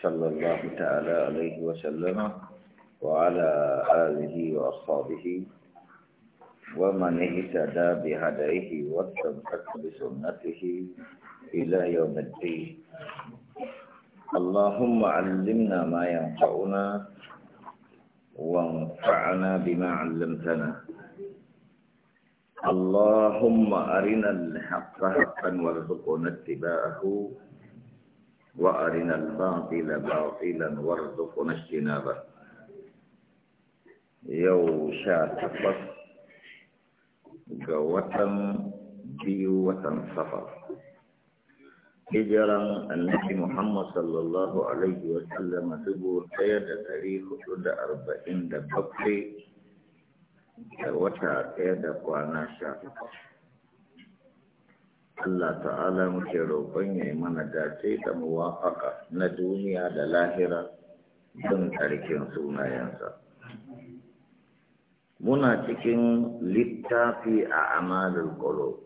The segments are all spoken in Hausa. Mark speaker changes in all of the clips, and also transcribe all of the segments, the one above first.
Speaker 1: صلى الله تعالى عليه وسلم وعلى آله وأصحابه ومن اهتدى بهديه واستمسك بسنته إلى يوم الدين اللهم علمنا ما ينفعنا وانفعنا بما علمتنا اللهم أرنا الحق حقا وارزقنا اتباعه وأرنا الباطل باطلا وارزقنا اجتنابه يو شا تفص جوة بيوة سفر هجرا النبي محمد صلى الله عليه وسلم تقول سيد تاريخ سد أربعين دبقي وتا كيد قوانا شا تفص Allah ta'ala muke roƙon ya yi mana dace da muwafaka na duniya da lahira don ƙarfin sunayensa. Muna cikin littafi a amalin ƙoro,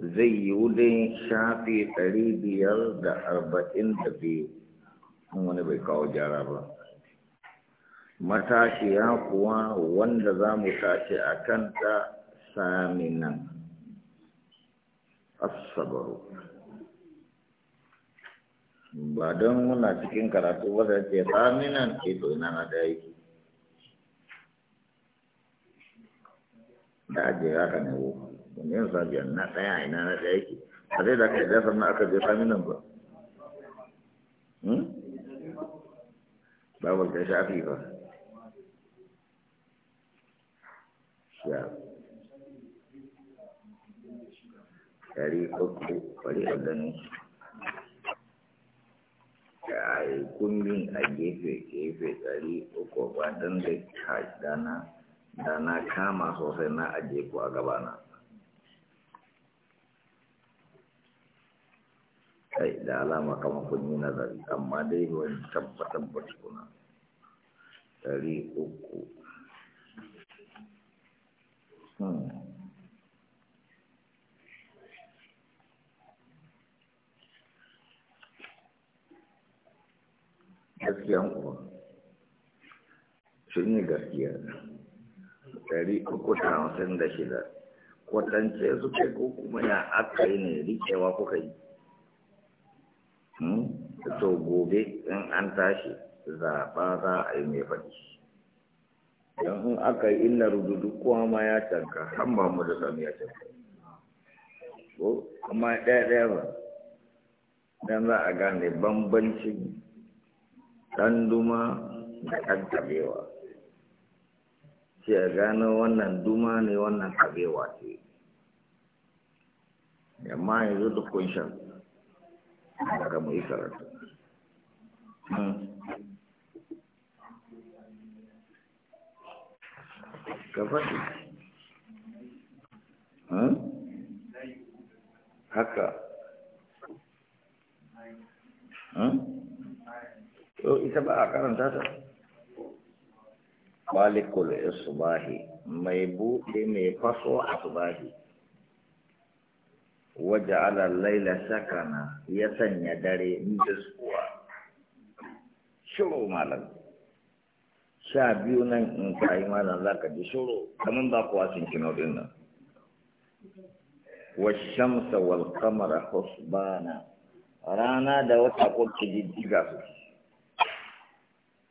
Speaker 1: Zai yi wudin shafi ɗari biyar da arba'in da biyu, wani bai kawo gyara ba. Matashiya kuwa wanda za mu tashi a kanta nan. asabaru ba don muna cikin karatu wadda ce
Speaker 2: tsaminan
Speaker 1: eh, to ina na da yake da ajiye haka ne wo wani yin sabiya na ɗaya ina na da yake a zai da kai dasa na aka je tsaminan ba hmm? babu da shafi ba
Speaker 2: Yeah. dari uku bari a gani
Speaker 1: da kullum a gefe gefe dari uku ba don da dana dana kama sosai na aje ku a gabana kai da alama kama kun yi nazari amma dai wani tabbatar ba kuna dari uku hmm. gaskiyan uwa sun yi gaskiya ɗari uku da hamsin da shida kwatance su ce ko kuma ya aka yi ne rikewa kuka yi hmm? to gobe in an tashi zaɓa za a yi mai faɗi don in aka yi illa rududu kowa ma ya canka han ba mu da sami ya canka ko kuma ɗaya ɗaya ba don za a gane bambancin tanduma duma da kabewa sai a gano wannan duma ne wannan kabewa ce yamma yanzu duk kunshan
Speaker 2: daga mu karatu hmm. ka hmm? haka
Speaker 1: hmm? to ita ba a karanta ta malikul isbahi mai buɗe mai faso a subahi waje ala laila sakana ya sanya dare niskuwa shiru malam sha biyu nan in ka yi malam za ka ji shiru kamar ba kuwa sun kino din nan washamsa wal husbana rana da wata kwakci jijjiga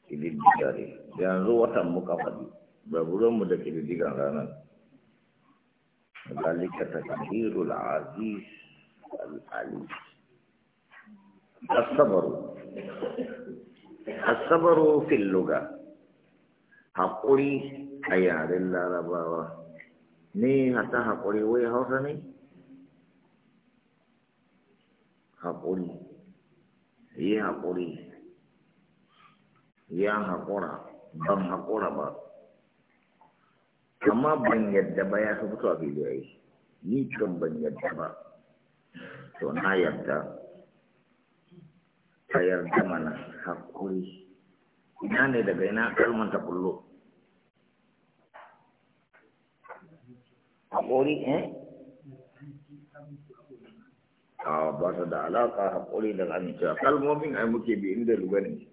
Speaker 1: kididdiga ne yanzu watan muka faɗi baburanmu da kididdigan ranar zalika takdirul aziz al-alim الصبر الصبر في اللغة حقري أيار الله رباوة ني حتى حقري وي حوصني حقري هي حقري ya haƙura ban haƙura ba amma ban yadda ba ya fi fito a fili yayi ni kan ban yadda ba to na yarda ta yarda mana haƙuri ina ne daga ina kalmanta kullo haƙuri eh a ba ta da alaƙa haƙuri da amincewa kalmomin ai muke bi inda lugani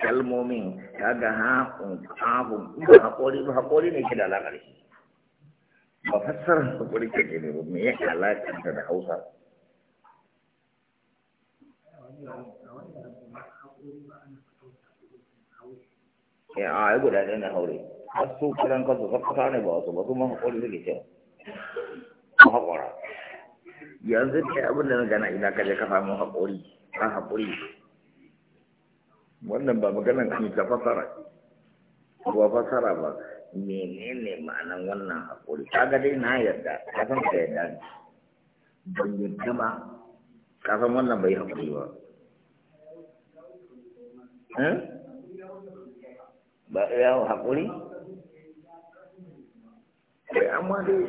Speaker 1: kalmomin kaga haƙun ƙahun ba haƙori ba haƙori ne ke da alaƙar shi ba fassarar haƙori ke ne ba me ya alaƙar da hausa ya eh, a yi guda ɗaya na haure wasu kiran kansu sakkata ne ba wasu ba kuma haƙori suke cewa ba haƙora yanzu ce abin da na gana ina kaje ka samu haƙori ka haƙori wannan ba maganan kan ta fasara ba fasara ba menene ma'anan wannan hakuri kaga dai na yarda ka san ka yarda ban yarda ba ka san wannan bai hakuri ba eh? ba ya hakuri sai amma dai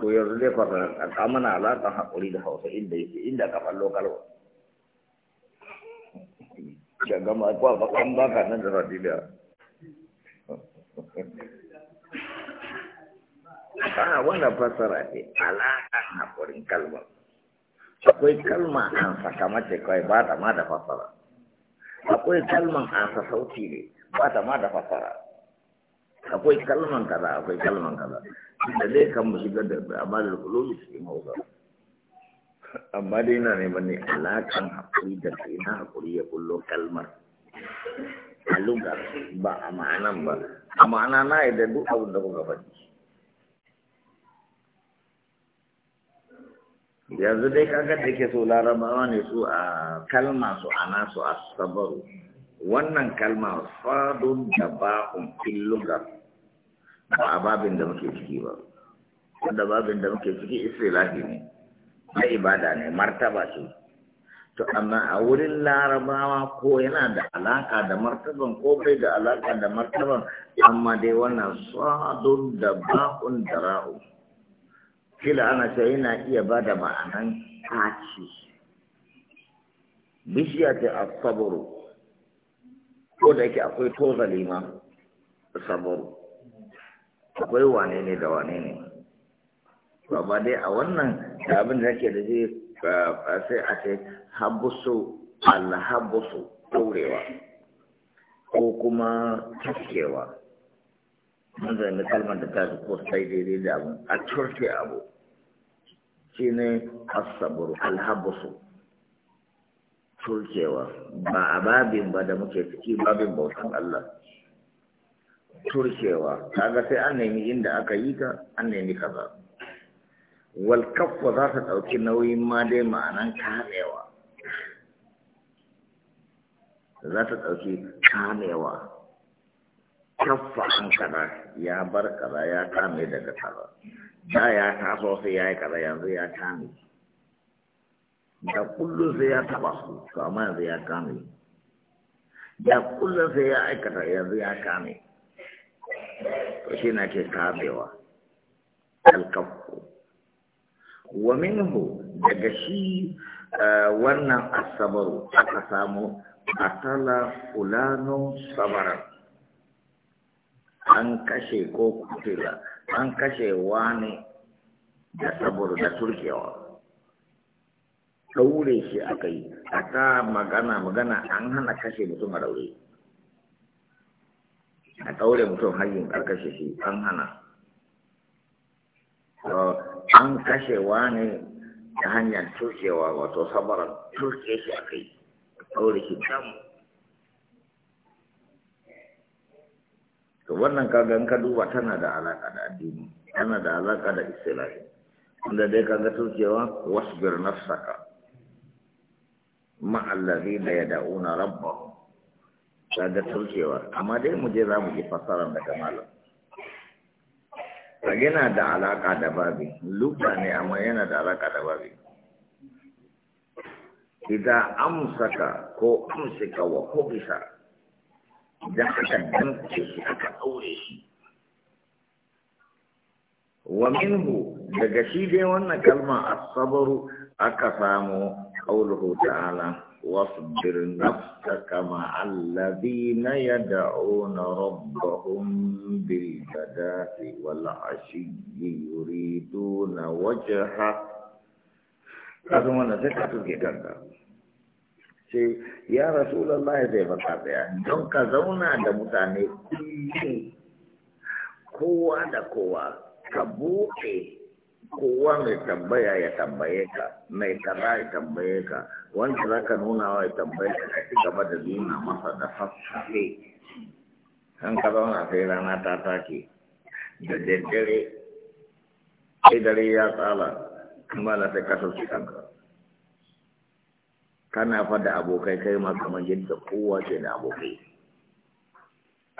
Speaker 1: to yanzu zai fara ka mana alaƙa haƙuri da hausa inda yake inda ka fallo kalwa da gama kwa bakan baka nan da fadiliya a wannan fassara ce alaƙan haƙurin kalmar akwai kalma an saka mace kawai ba ta ma da fassara akwai kalman an sa sauti ne ba ta ma da fassara akwai kalman kaza akwai kalman kaza da zai kan mu shigar da amalar kulobi cikin hausa amma dai na neman ne alaƙan haƙuri da ke na haƙuri ya kullo kalmar a lugar ba a ma'anan ba a ma'ana na yadda duk abin da kuka faɗi yanzu dai kaga da ke so larabawa ne su a kalma su ana su a sabaru wannan kalma fadun da ba'un fil lugar ba a babin da muke ciki ba wanda babin da muke ciki istilahi ne na ibada ne martaba ce to amma a wurin larabawa ko yana da alaka da martaban ko bai da alaka da martaban amma dai wannan sadun da ba'un da ra'u kila ana ce yana iya ba da ma'anan kaci bishiya ce a saboro ko da yake akwai tozali ma saboro akwai wane ne da wane ne ba dai a wannan da abin da yake da zai sai a ce habusu alhabusu ɗaurewa ko kuma taskewa mun zai kalmar da ta ko sai daidai da abu a turke abu shi ne asaburu alhabusu turkewa ba a babin ba da muke ciki babin bautan Allah turkewa kaga sai an nemi inda aka yi ta an nemi kaza wal kaffa za ta ɗauki nauyin ma dai ma'anan kamewa za ta ɗauki kamewa kaffa an kaza ya bar kaza ya kame daga kaza da ya taso sai ya yi kaza yanzu ya kame da kullum sai ya taɓa su to amma yanzu ya kame da kullum sai ya aikata yanzu ya kame to shi na ke kamewa alkafu wa minhu daga shi eh, wannan asabaru aka samu atala fulano sabaran an kashe ko kutila an kashe wani da saboda da turkewa ɗaure shi aka yi a ta magana magana an hana kashe mutum a ɗaure a ɗaure mutum hanyar ƙarƙashe shi an hana an kashewa ne ta hanyar turkewa wato sabarar turke shi a kai ɗaure shi dam to wannan kaga in ka duba tana da alaƙa da addini tana da alaƙa da istilahi wanda dai kaga turkewa birnin saka, ma'allari da ya da'una rabba. da saukewa amma dai mu je za mu ji fassarar daga malam a yana da alaƙa da babi luka ne amma yana da alaƙa da babi idan amsaka ko sika wa hobisa idan aka damce shi aka ɗaure shi wa minhu daga shi dai wannan kalma asabaru aka samu qauluhu ta'ala Wasu birnafsaka ma'alabi na ya dawo na roba
Speaker 2: unbi
Speaker 1: ka daɗi, na waje ha? Ka tsawon nan sai ka tsinke ya rasu lallai sai ya Don ka zauna da mutane kuma kowa da kowa ka buɗe. kowa mai tambaya ya tambaye ka mai tara ya tambaye ka wanda za ka nuna wa ya tambaye ka ci gaba da nuna masa da sassafe an ka zauna sai rana ta take da daddare sai dare ya tsala kuma da sai ka su kanka kana fada abokai kai ma kamar yadda kowa ce da abokai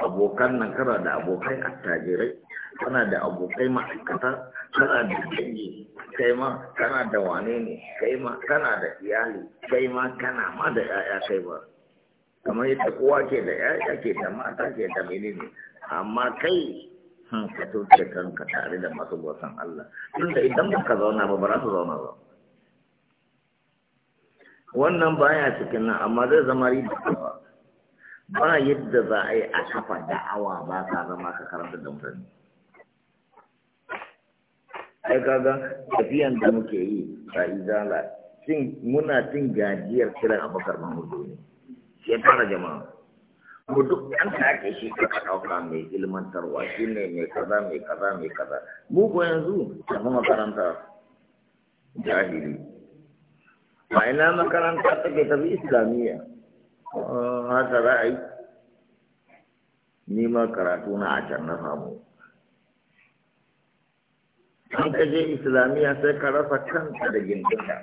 Speaker 1: abokan nan kana da abokai attajirai kana da abokai ma'aikata
Speaker 2: kana da dangi
Speaker 1: kai ma kana da wane ne kai ma kana da iyali kai ma kana ma da 'ya'ya kai ba kamar yadda kowa ke da 'ya'ya ke da mata ke da menene amma kai hmm, ka toke kanka tare da masu gwasan Allah tunda idan baka zauna ba ba za su zauna ba wannan baya cikin nan amma zai zama riba ba yadda za a yi a kafa da'awa ba ka zama ka karanta da mutane ai kaga tafiyan da muke yi ta izala cin muna cin gajiyar kiran abakar mahudu ne ya fara jama'a mu duk 'yan da ake shi ka ɗauka mai ilmantarwa shi ne mai kaza mai kaza mai kaza mu ko yanzu tafi makaranta jahili a ina makaranta take tafi islamiyya ah, haka za a yi ni ma karatu na a can na samu an ka je islamiyya sai ka rasa kanka da gindinka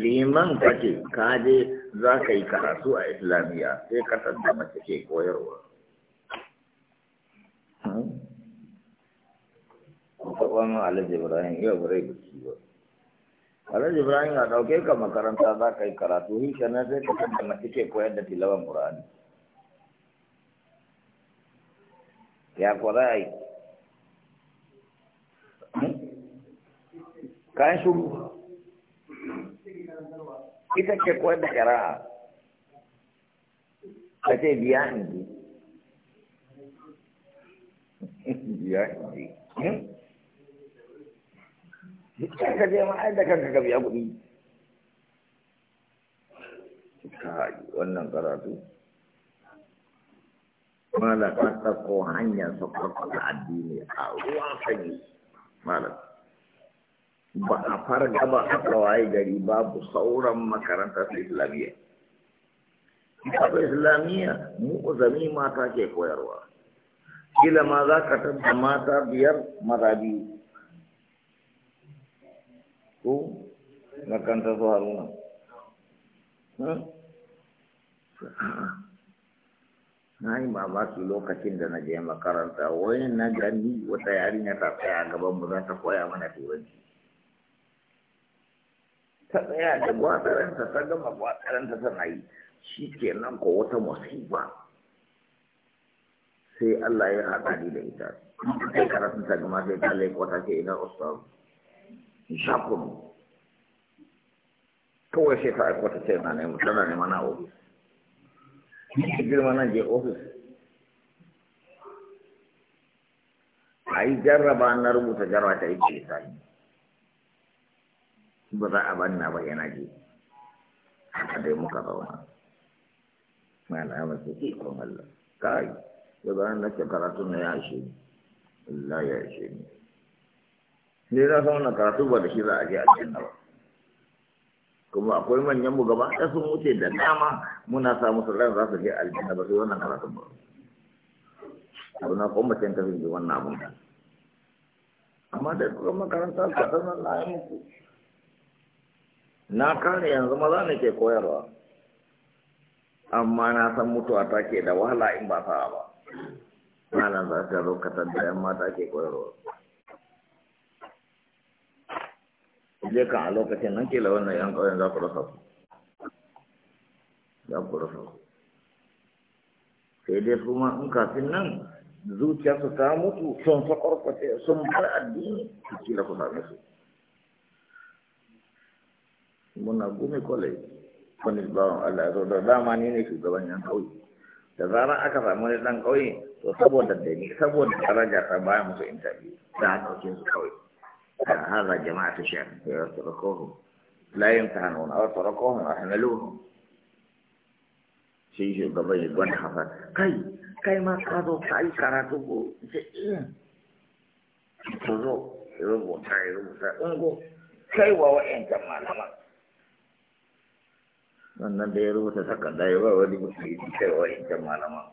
Speaker 1: liman kake ka je za ka yi karatu a islamiyya sai ka tadda mace ke koyarwa kwakwar mu alhaji ibrahim yau bare biki ba alhaji ibrahim a ɗauke ka makaranta za ka yi karatu shi kenan sai ka tadda mace ke koyar da tilawan qur'ani ya kwarai Hmm? kayan shuru ita ke koyar da ƙira'a ka ce biya in ji biya in ji hmm? ka je ma'ai da kanka ka biya wannan karatu mala ka ko hanyar su karfafa addini a ruwan sanyi malam ba a fara gaba a kawai gari babu sauran makarantar islamiyya abu islamiyya mu'uzami mata ke koyarwa kila ma za ka tabba mata biyar maza biyu ko makarantar su haruna na yi mamaki lokacin da na je makaranta wani na gani wata yarinya ta tsaya gaban mu za ta koya mana turanci ta tsaya da gwatsarinta ta gama gwatsarinta tana yi shi ke nan ko wata musiba sai Allah ya haɗa ni da ita sai karatun ta gama sai ta laiko ta ke idan ustaz shakunu kawai sai ta aikwata ce na nemi tana neman na ofis Ni girma nan je ofis. A yi jarraba na rubuta jarwa ta yi ke sani. Ba za a banna ba yana je. Haka dai muka zauna. ma Mana masu ikon Allah. Kai, yau ba na ke karatu na ya shi. Allah ya shi ne. Ni na sauna karatu ba da shi za a je a cikin ba. kuma akwai manyan mu gaba da sun wuce da dama muna sa musu ran za su je aljanna ba su wannan karatun ba abu na kuma can kafin ji wannan abun amma da kuma makaranta ka tsana na yi muku na kare yanzu maza ne ke koyarwa amma na san mutuwa ta ke da wahala in ba sa ba malam za ta zo ka da yan mata ke koyarwa je kan a lokacin nan kila wannan yan ƙauyen za ku rasa su za ku rasa su sai dai kuma in kafin nan zuciyarsu ta mutu sun sakwarkwace sun bar addini kila ku same su muna gumi kwale wani bawan Allah zo da dama ne ne shugaban yan ƙauye da zarar aka samu ne ɗan ƙauye to saboda da ni saboda daraja ta baya musu intabi za a ɗauke su ƙauye هذا جماعة الشام تركوهم لا يمتحنون أو تركوهم أحملوهم شيء شيء قبل يقول حفا كي كي ما قادوا كي كاراتوكو شيئين تزوك يربو تاي يربو تاي انقو كي ووين جمع لما من نبي يربو تسكا دايوا ودي بسيط كي ووين جمع لما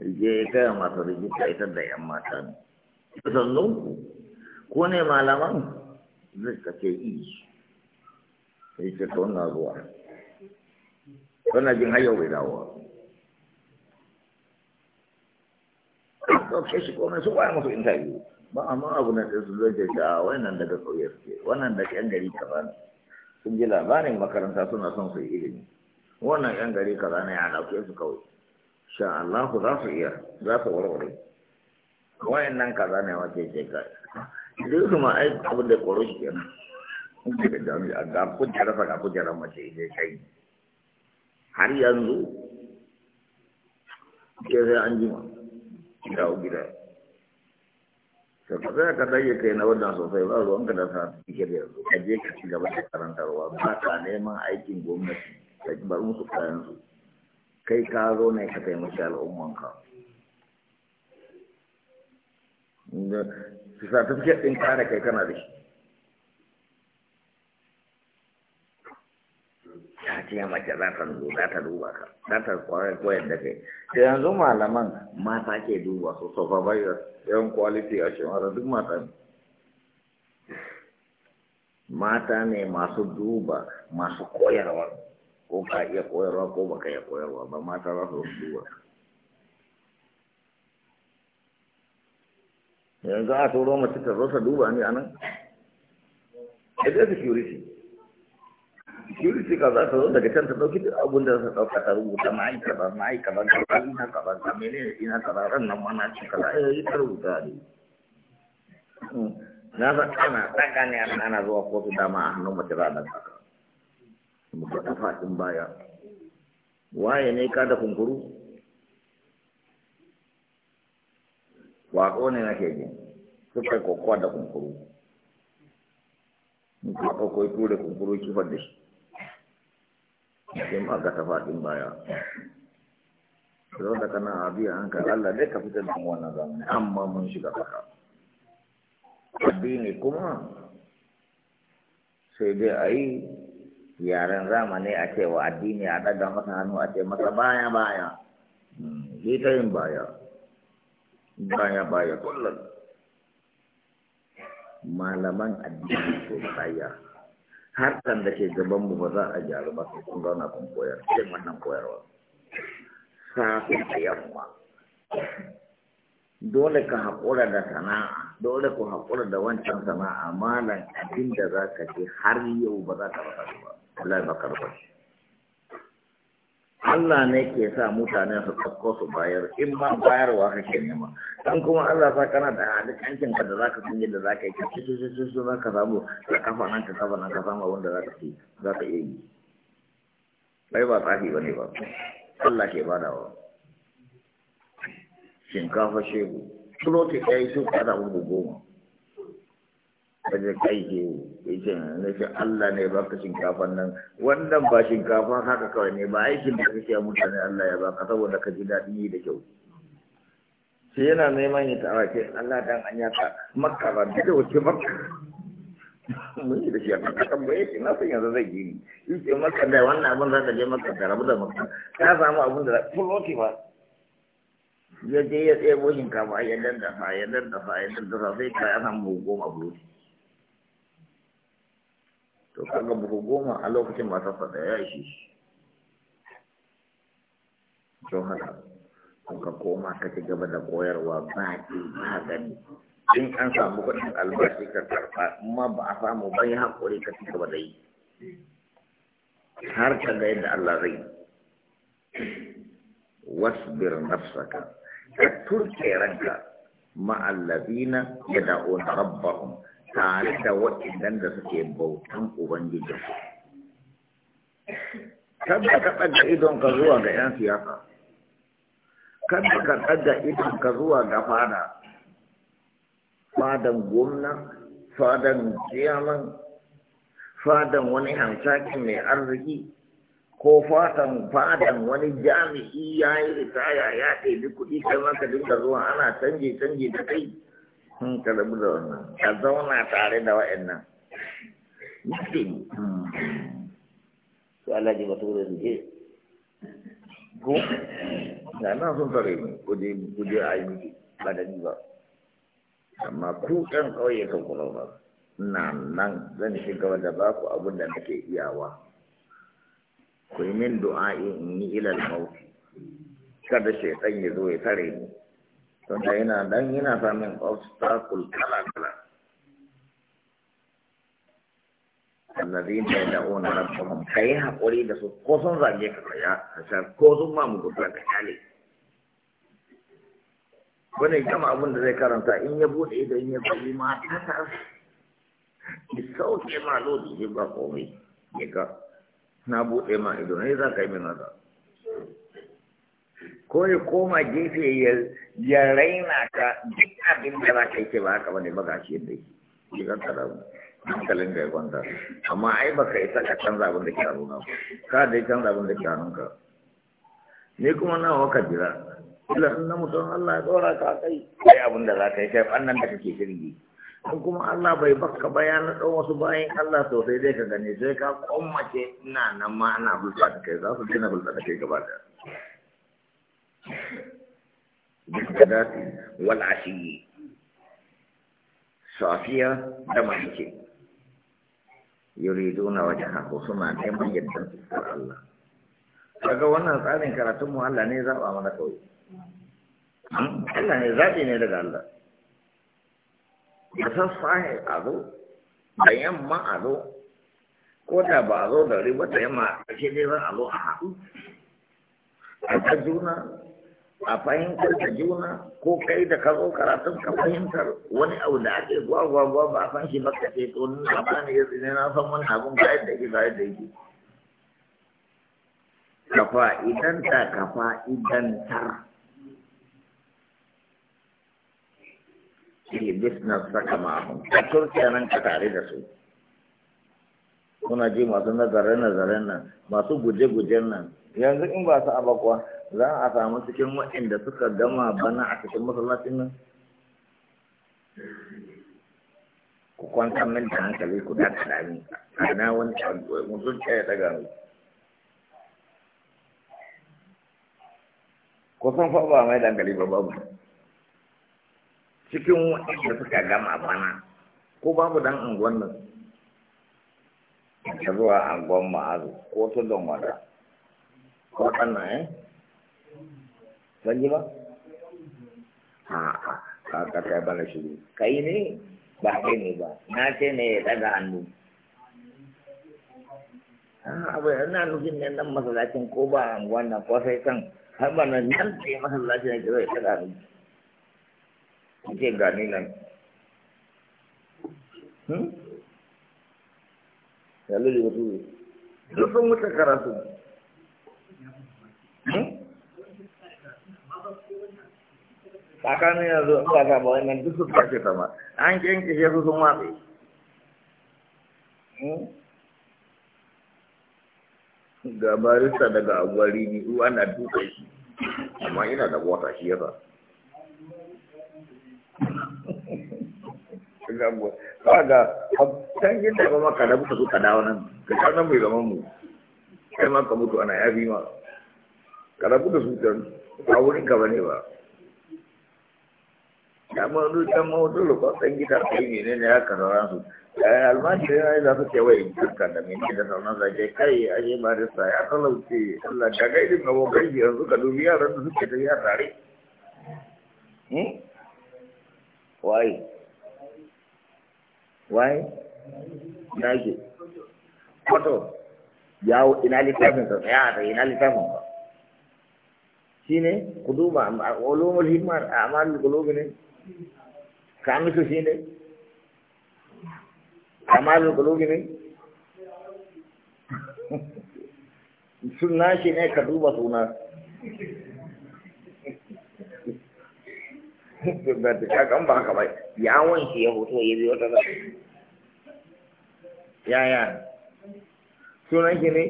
Speaker 1: الجيكا ما تريد كي تدعي أما تاني تزنوكو ko ne malaman zai kace yi sai ce to na zuwa jin hayo bai dawo ɗauke shi komai su baya masu interview ba amma abu na da su zai ce ta wannan daga kauye suke wannan daga yan gari ka ba sun ji labarin makaranta suna son su yi ilimi wannan yan gari ka ne a ɗauke su kawai sha Allah za su iya za su warware wayannan kaza ne wace ce ka duk kuma ai abin da koro shi kenan daga jami'a ga kujerar faɗa kujerar mace ne kai har yanzu ke sai an jima dawo gida ka zai ka dage kai na wannan sosai ba ruwan ka da sa ke da yanzu ka je ka ci gaba da karantarwa ba ka neman aikin gwamnati ka bar musu kayan su kai ka zo ne ka taimaki al'ummanka da certificate ɗin kare kai kana da shi ta ce mace za ta zo za ta duba ka za ta kwarar koyar da kai da yanzu malaman mata ke duba su supervisor yawan quality a shemara duk mata ne mata ne masu duba masu koyarwa ko ka iya koyarwa ko baka iya koyarwa ba mata za su duba yanzu a turo mace ta rosa duba ni a nan ita security security ka za ta zo daga can ta ɗauki duk abin da ta ɗauka ta rubuta ma'aikata ma'aikata ta ɗauki ina kaza ta mene ina kaza ran nan mana ci kaza ya yi ta rubuta ne na san ana ɗaga ne ana zuwa kotu dama a hannun mace za a ɗaga ka mu faɗa faɗin baya waye ne ka da kunkuru waƙo ne nake ji suka yi kokowa da kunkuru in ka ɗauko ture kunkuru kifar da shi yin aga ta faɗin baya zo da kana abi a hankali Allah ne ka fitar da wannan zamani amma mun shiga baka addini kuma sai dai a yi yaren zamani a ce wa addini a daga masa hannu a ce masa baya baya zai hmm, ta yin baya baya baya kullum malaman addini ko baya har kan da ke gaban mu ba za a gyaru ba sai kun zauna kun koyar sai wannan koyarwa Safin da yamma dole ka haƙura da sana'a dole ku haƙura da wancan sana'a malan abin da za ka ce har yau ba za ka rasa ba Allah ba ka rasa Allah ne ke sa mutane su tsakko su bayar in ma bayarwa kake nema dan kuma Allah sa kana da halittar ka da zaka ka yadda zaka yi kace su su su zaka samu ka kafa nan ka kafa nan ka samu wanda zaka yi zaka iya yi bai ba tsafi bane ba Allah ke badawa shinkafa shehu kuma ta kai su kada ubu goma kaje kai ke yace na shi Allah ne baka shinkafan nan wannan ba shinkafa haka kawai ne ba aikin da kake ya mutane Allah ya baka saboda ka ji daɗi da kyau sai yana neman ya tawa ce Allah dan an yaka makka ba da wace makka mun yi da shi A kan baye ce na san yanzu zai gini ce makka da wannan abin za ka je makka da rabu da makka ka samu abin da fuloti ba ya je ya tsebo shinkafa ya dandafa ya dandafa ya dandafa sai ka ya samu goma fuloti to kaga buhu goma a lokacin matarsa da ya ishe don haka ka koma ka ci gaba da koyarwa ba ki ba gani in an samu kuɗin albashi ka karɓa amma ba a samu ba ya haƙuri ka ci gaba da yi har ka ga yadda Allah zai wasbir nafsaka ka turke ranka ma'allazina yad'una rabbahum tare da waɗannan da suke bautan ubangiji kada ka ɗaga idon ka zuwa ga 'yan siyasa kada ka ɗaga idon ka zuwa ga fada fadan gwamna fadan ciyaman fadan wani hansakin mai arziki ko fatan fadan wani jami'i ya yi ritaya ya ɗebi kuɗi kai maka dinga zuwa ana canje canje da kai sun ka rabu da wannan ka zauna tare da wa'annan mutum su da ke ko na sun tare a yi miki ba da ba amma ku kan ba na nan zan ci gaba da ba ku abin da nake iyawa ku yi min du'a in yi ilal kada shaitan ya zo ya tare ni tunda yana dan yana samun obstacle kala-kala allazi ne da ona rabbahum kai hakuri da su ko sun zage ka ya hashar ko sun ma mu gudu ka kale wani gama abin da zai karanta in ya bude da in ya kalli ma ta ta ki sauke ma lodi ba komai ya ga na bude ma ido ne za ka yi min haka ko ya koma gefe ya raina ka duk abin da za ka yi ke ba haka bane ba ga shi yadda yake shi kan ka rabu hankalin ka ya kwanta amma ai ba ka isa ka canza abin da ke a nuna ka ya canza abin da ke a nuna ni kuma nawa ka jira ila na mutum Allah ya tsora ka kai kai abin da za ka yi kai annan da kake shirgi in kuma Allah bai baka ba ya na ɗan wasu bayan Allah sosai dai ka gane sai ka kwamace ina nan ma ana hulɗa da kai za su na hulɗa da kai gaba da بالغداة والعشي صافية دمشق يريدون وجهه سنة نعم جدا Allah? kaga wannan tsarin karatun mu Allah ne zaɓa mana kawai
Speaker 2: hmm? Allah ne zaɓi
Speaker 1: ne daga Allah da sassahe a zo da yamma a zo ko da ba a zo da riba da yamma a ƙarshe dai zan a zo a haɗu a ta juna a fahimtar da juna ko kai da ka zo karatun ka fahimtar wani abu da ake gwagwagwa ba a san shi ba ka ce to ni na bani yanzu ne na san wani abun ba yadda yake ba yadda yake ka ta ka fa'idantar ke business saka ma'ahun ka turkiya nan ka tare da su kuna ji masu nazare-nazaren nan masu guje-gujen nan yanzu in ba su abakwa za a samu cikin waɗanda suka gama bana a cikin masallacin nan ku kwanta min da hankali ku da kalami ana wani mutum ya daga mu san fa ba mai dangali ba babu cikin waɗanda suka gama bana ko babu dan unguwan nan ta zuwa unguwan ma'azu ko tudun wada ko ɗan eh ban ji ba a'a ka ka kai bana shiru kai ne ba kai ne ba na ce ne ya daga hannu abu ina nufin ne nan masallacin ko ba wannan ko sai kan har ba nan nan ce masallacin ya kira ya daga hannu ce gani nan Lalu hmm? juga tuh. Lu semua sekarang tuh. tsakanin yanzu in ba gaba wannan duk su kashe sama an kyanke shi su sun watsi hmm? ga barista daga agwari ne uwa na duka shi amma ina da wata shi yasa ba ga can gina ba maka da buka suka dawo nan ka sha mai zaman mu kai ma ka mutu ana yafi ma kada rabu da su can a wurin ka bane ba ya ma zo can ma wasu lokacin gida kai ne ne ya karara ya yi za su kewaye dukkan da mai da sauran zage kai a yi barista ya talauce allah da gaidin abokan yanzu ka dubi yaran da suke tafiya tare waye waye na ke yawo ina littafin sa ina littafin ka shi ne ku duba ulumul kamisu shi ne kamalin kulubi ne suna shi ne ka duba suna ba da kakan ba haka ba yawon shi ya hoto ya biyo ta zai yaya sunan shi ne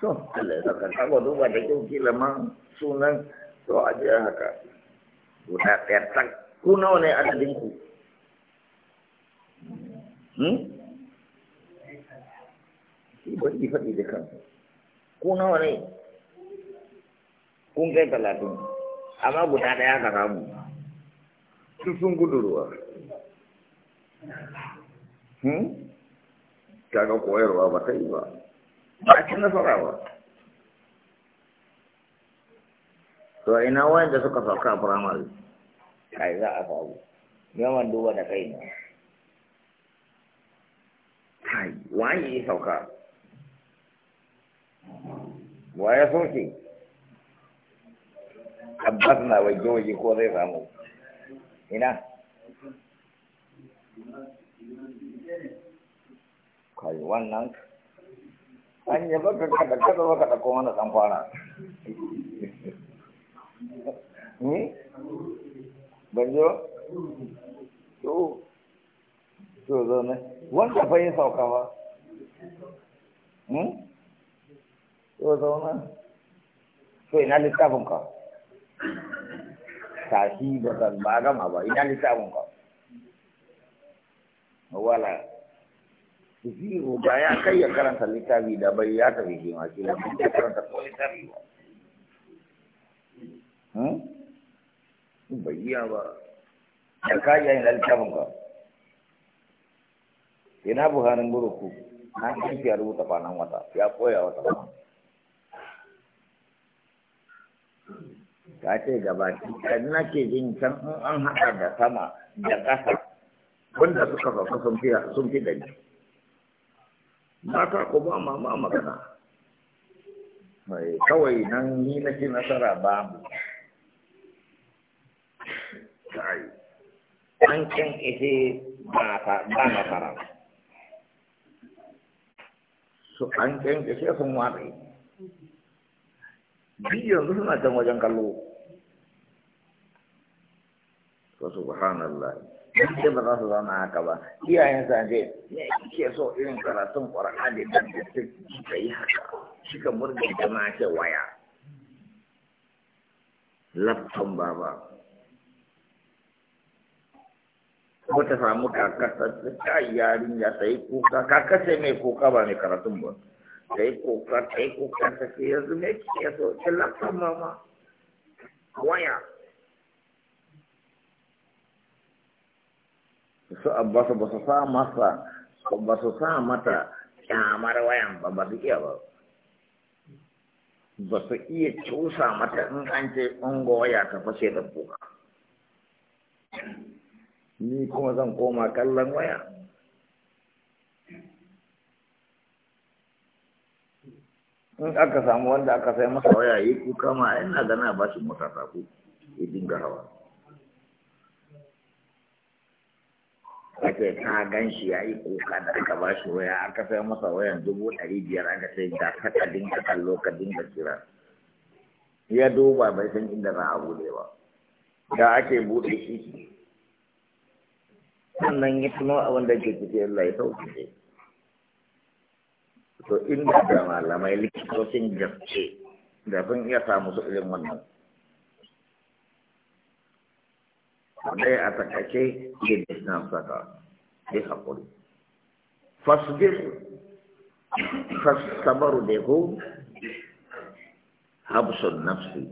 Speaker 1: to Allah ya saka ka duba da kyau kila ma sunan to a haka guda ɗaya tak ku nawa ne adadinku hmm? shi ba shi faɗi da kansa ku nawa ne kun kai talatin amma guda ɗaya ka samu sun gudu hmm? kaga koyarwa ba ta yi ba ba a ci nasara ba to ina wanda suka sauka a firamare kai za a faru yawan duba da kai na kai wani ya sauka wa ya soke abbas na waje waje ko zai samu ina kai wannan an yi ka kada kada ka da kuma dan fara ne ban ji to to zo ne wanda fa ya sauka ba hmm? to zo na to ina littafin ka tashi ba ba gama ba ina littafin ka wala zero da ya kai ya karanta littafi da bai ya tafi shi ma kila bai ya karanta ko bai iya ba da ka iya yin littafin ka ina buharin buruku na kinki ya rubuta kwanan wata ya koya wata kwanan ta ce gaba na ke jin can in an haɗa da sama da ƙasa wanda suka fafa sun fi sun fi da ni mata ko ba ma ma magana Mai kawai nan ni na ci nasara babu wancan ishe ba nasara su an isi semua ni. Dia yanzu suna jangan kallo So subhanallah sai ba za su zauna haka ba iyayen sa ce ne kike so irin karatun qur'ani da da kika yi haka kika murga jama'a ce waya laptop baba ko ta samu kakarsa ta yarin ya ta yi kuka kakarsa mai kuka ba mai karatun ba ta yi kuka ta yi kuka ta ce yanzu mai kike so ki lafa mama waya su abbasu ba su sa masa ba su sa mata kyamar wayan ba ba su iya ba ba su iya cusa mata in an ce ungo waya ta fashe da kuka ni kuma zan koma kallon waya in aka samu wanda aka sai masa waya yi kuka ma ina gana ba shi mota ta ku ya dinga hawa ake ta gan shi ya yi kuka da aka ba shi waya aka sai masa wayan dubu ɗari biyar aka sai ga ta ka dinga kallo ka dinga kira ya duba bai san inda za a bude ba da ake buɗe shi sannan ya tuno abin da ke ciki Allah ya sauke shi to inda da malamai likitocin gaske da sun iya samu su irin wannan dai a takaice ke da suna saka dai haƙuri fasbir fasabaru da ku habsun nafsi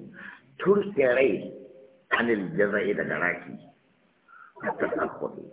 Speaker 1: turke rai anil jaza'i daga raki a tasakkuɗi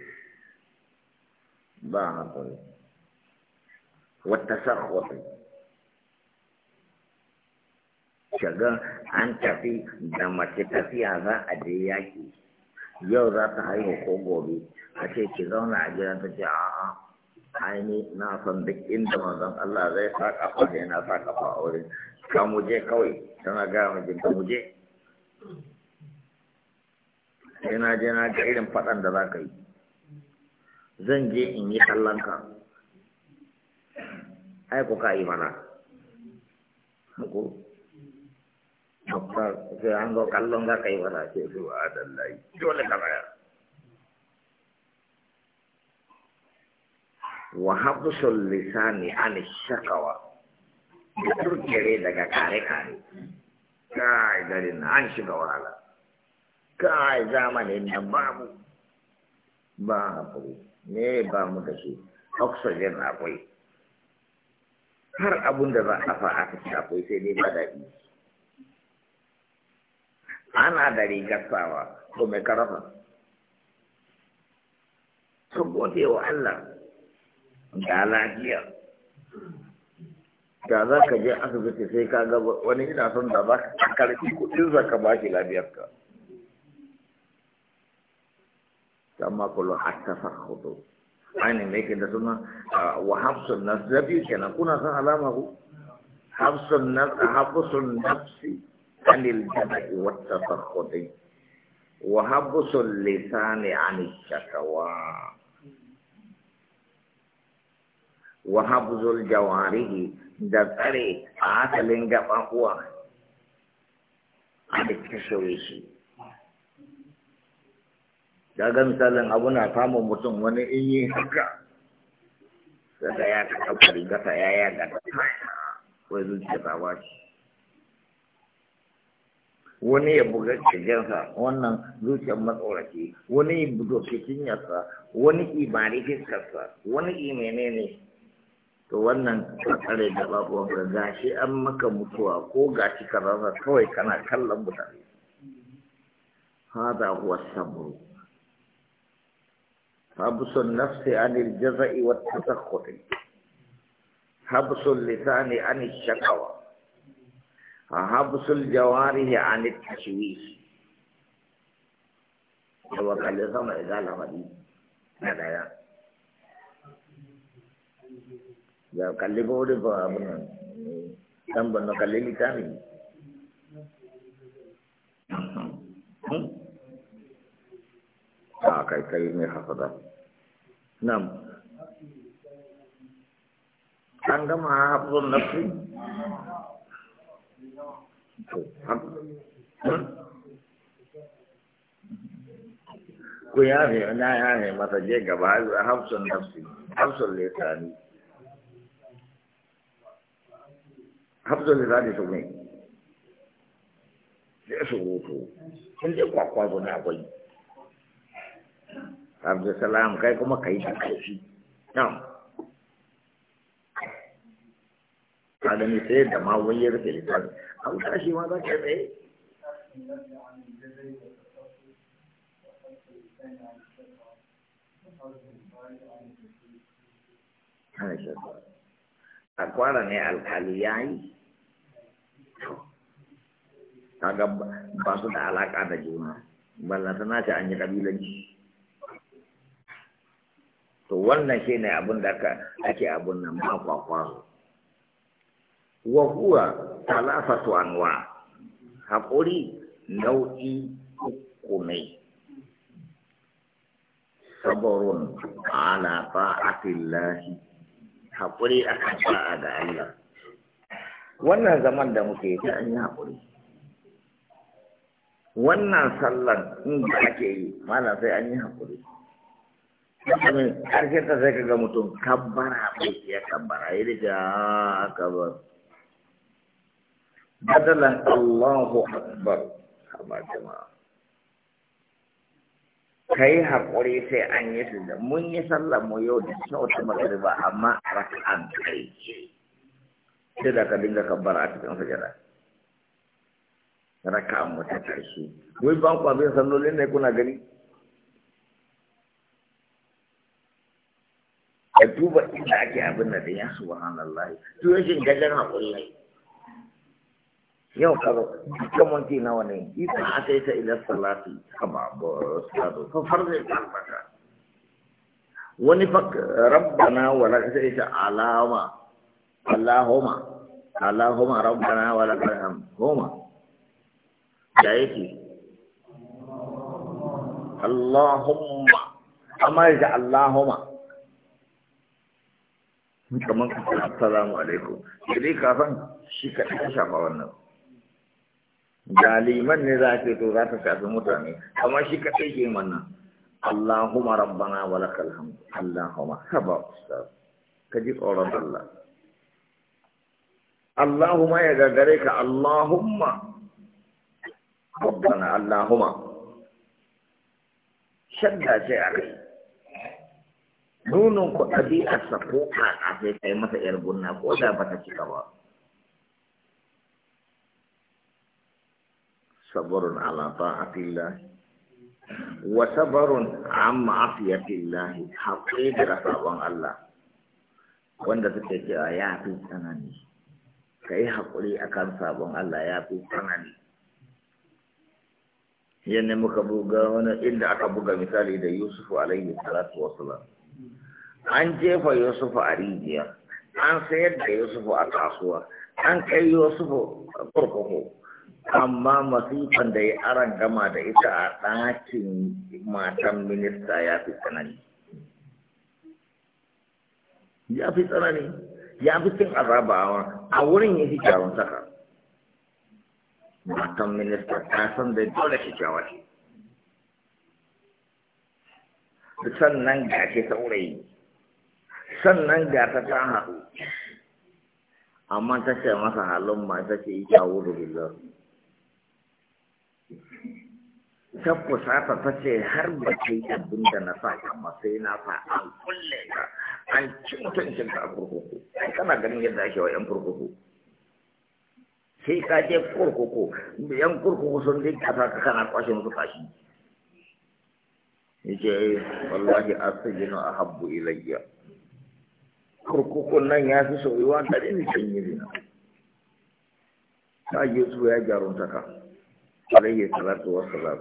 Speaker 1: ba haƙuri wata sakwari shaga an tafi da mace tafiya za a je yaki yau za ta haihu ko gobe a ce ki zauna a gidan ta ce a'a aini na san duk inda manzon Allah zai sa kafa da yana sa kafa a wurin ka mu je kawai tana gaya mijin ka mu je sai na je na ga irin faɗan da za ka yi zan je in yi kallonka ai ku ka yi mana ko doktor sai an zo kallon ka kai mana ce su a dallahi dole ka bayar wa habsul lisani an shakawa da turkere daga kare-kare kai garin an shiga wahala kai zamanin nan babu ba hakuri me ba mu da shi oxygen akwai har abun da za a fa'a ta akwai sai ne ba daɗi ana da rigar ko mai karafa su gode wa Allah da lafiya da za ka je asibiti sai ka ga wani ina son da za ka karfi kudin zaka ka ba shi lafiyarka كما قالوا حتى فخطو يعني آه، ما كنا سنة وحبس النفس لا بيكنا كنا سألامه حبس النفس حبس النفس عن الجمع والتفخط وحبس اللسان عن الشكوى وحبس الجواره دفعي عاتل انقطع قوة عن التشويش daga misalin abu na samun mutum wani in yi haka daga ya ta kamfarin gasa ya ya ga wai zuci ta shi wani ya buga kirjinsa wannan zuciyar matsoraki wani ya buga cinyarsa wani ibari fiskarsa wani imene ne to wannan tsare da babuwan ga gashi an maka mutuwa ko gashi karasa kawai kana kallon mutane hada huwa sabru حبس النفس عن الجزع والتسخط حبس اللسان عن الشكوى حبس الجوارح عن التشويش هو قال لهم إذا لم هذا يا Nam. An gama hafizun nafsi? Ku yafe, na yafe masa je gaba hafizun nafsi, hafizun lisani. Hafizun lisani su ne. Sai su rutu. Kun je kwakwazo na akwai. abdulsalam kai kuma ka yi da ƙarfi nan ka gani sai da ma wani ya rufe littafi a wuta shi ma za ka tsaye a kwara ne alkali ya yi kaga ba su da alaka da juna ballantana ce an yi kabilanci to wannan shi ne abin da aka ake abin nan ba kwakwa wa huwa talafatu anwa haƙuri nau'i uku ne sabarun ala ta'atillahi haƙuri akan ta'a ga Allah wannan zaman da muke ta an yi haƙuri wannan sallan in da ake yi malam sai an yi haƙuri
Speaker 2: ƙarshen
Speaker 1: ta sai ka ga mutum kabbara bai ya kabbara ya riga ah, kabar badalan Allahu akbar amma jama'a kai haƙuri sai an yi sallah mun yi sallar mu yau da kyau ta magariba amma a raka'an kai sai da ka dinga kabbara a cikin fajira raka'an mu ta ƙarshe wai ban kwabin sallolin ne kuna gani ka duba inda ake abin da ya subhanallahi to yashin gajen haƙuri ne yau karo dukkan wanti nawa ne idan aka yi ta ila salati kama ba sado fa farze karbaka wani fa rabbana wa lak sai ta alama allahumma allahumma rabbana wa lak alham huma da yake allahumma amma da allahumma kamar assalamu alaikum sai ka san shi ka ta shafa wannan galiman ne za ka to za ta shafi mutane amma shi ka ke wannan Allahumma rabbana wa lakal hamd Allahumma haba ustaz ka ji tsoron Allah Allahumma ya gagare ka Allahumma rabbana Allahumma shadda ce a kai nunin ku ɗabi'arsa ko kaka sai kai masa yar gunna ko da ba ta cika ba sabarun ala ta'atillah wa sabarun an ma'afiyatillah haƙuri da sabon Allah wanda suke cewa ya fi tsanani ka yi haƙuri akan sabon Allah ya fi tsanani yadda muka buga wani inda aka buga misali da Yusufu alaihi salatu wasu an jefa yusufu a rijiya an sayar da yusufu a kasuwa an kai yusufu a kurkuku amma masifan da ya aran gama da ita a ɗakin matan minista ya fi tsanani ya fi tsanani ya fi cin azabawa a wurin ya fi kyawun saka matan minista ta san da dole shi kyawun sannan ga ke saurayi sannan ga ta ta haɗu amma ta ce masa halin ma ta ce yi jawo da billah ta kusata ta ce har ba ta yi abin da na sa kama sai na sa
Speaker 2: an kulle
Speaker 1: ka an ci mutuncin ka a kurkuku kana ganin yadda ake wa 'yan kurkuku sai ka je kurkuku yan kurkuku sun dinka ta kana kwashe musu kashi yake eh, wallahi a ahabbu ilayya kurkukun nan ya fi soyuwa da ni can yi zina ta su ya jaruntaka alayhi salatu wassalam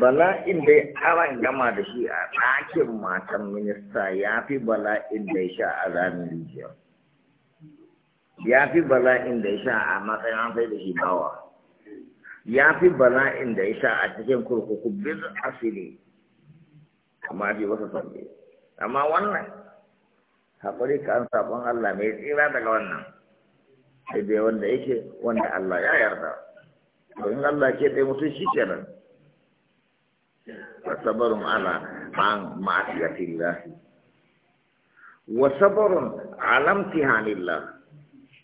Speaker 1: bala'in da ya aran gama da shi a ɗakin matan minista ya fi bala'in da ya sha a zamin rijiya ya fi bala'in da ya sha a matsayin an sai da shi bawa ya fi bala'in da ya sha a cikin kurkuku bin asiri amma bai wasu sabbi amma wannan Hakuri ka an sabon Allah mai tsira daga wannan sai dai wanda yake wanda Allah ya yarda to in Allah ke dai mutum shi kenan wa sabarun ala an ma'asiyatillah wa sabarun ala imtihanillah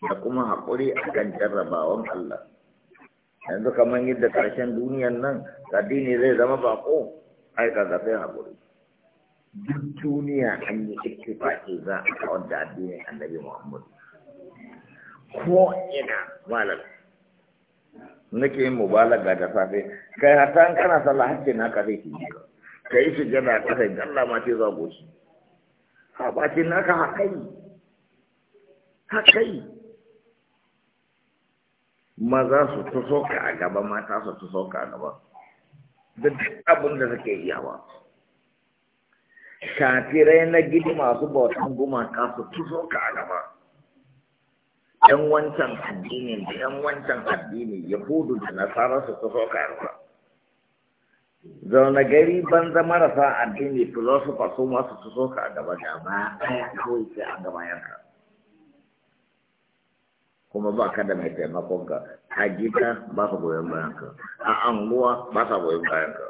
Speaker 1: da kuma haƙuri akan jarrabawan Allah yanzu kaman yadda karshen duniyan nan addini zai zama baƙo ai kaga sai Hakuri. duk duniya an yi ittifaki za a kawar da addinin annabi Muhammad ko ina malam nake yin mubalaga da safe kai hatta an kana sallah hakki na ka zai kiji ka kai shi jana ka sai Allah ma ce za goshi ha ba ce naka hakai hakai maza su tuso ka a gaba mata su tuso ka a gaba da duk abin da suke iyawa shafirai na gidi masu bautan gumaka su tuzo ka a gaba ‘yan wancan addini da ‘yan wancan addini yahudu da nasara su tuzo ka a gaba zaune gari ban zama rasa addini filosofa su masu tuzo ka a gaba gaba ɗaya kawai sai a gaba yanka kuma ba ka da mai taimakon ka a gida ba ka goyon bayan ka a anguwa ba ka goyon bayan ka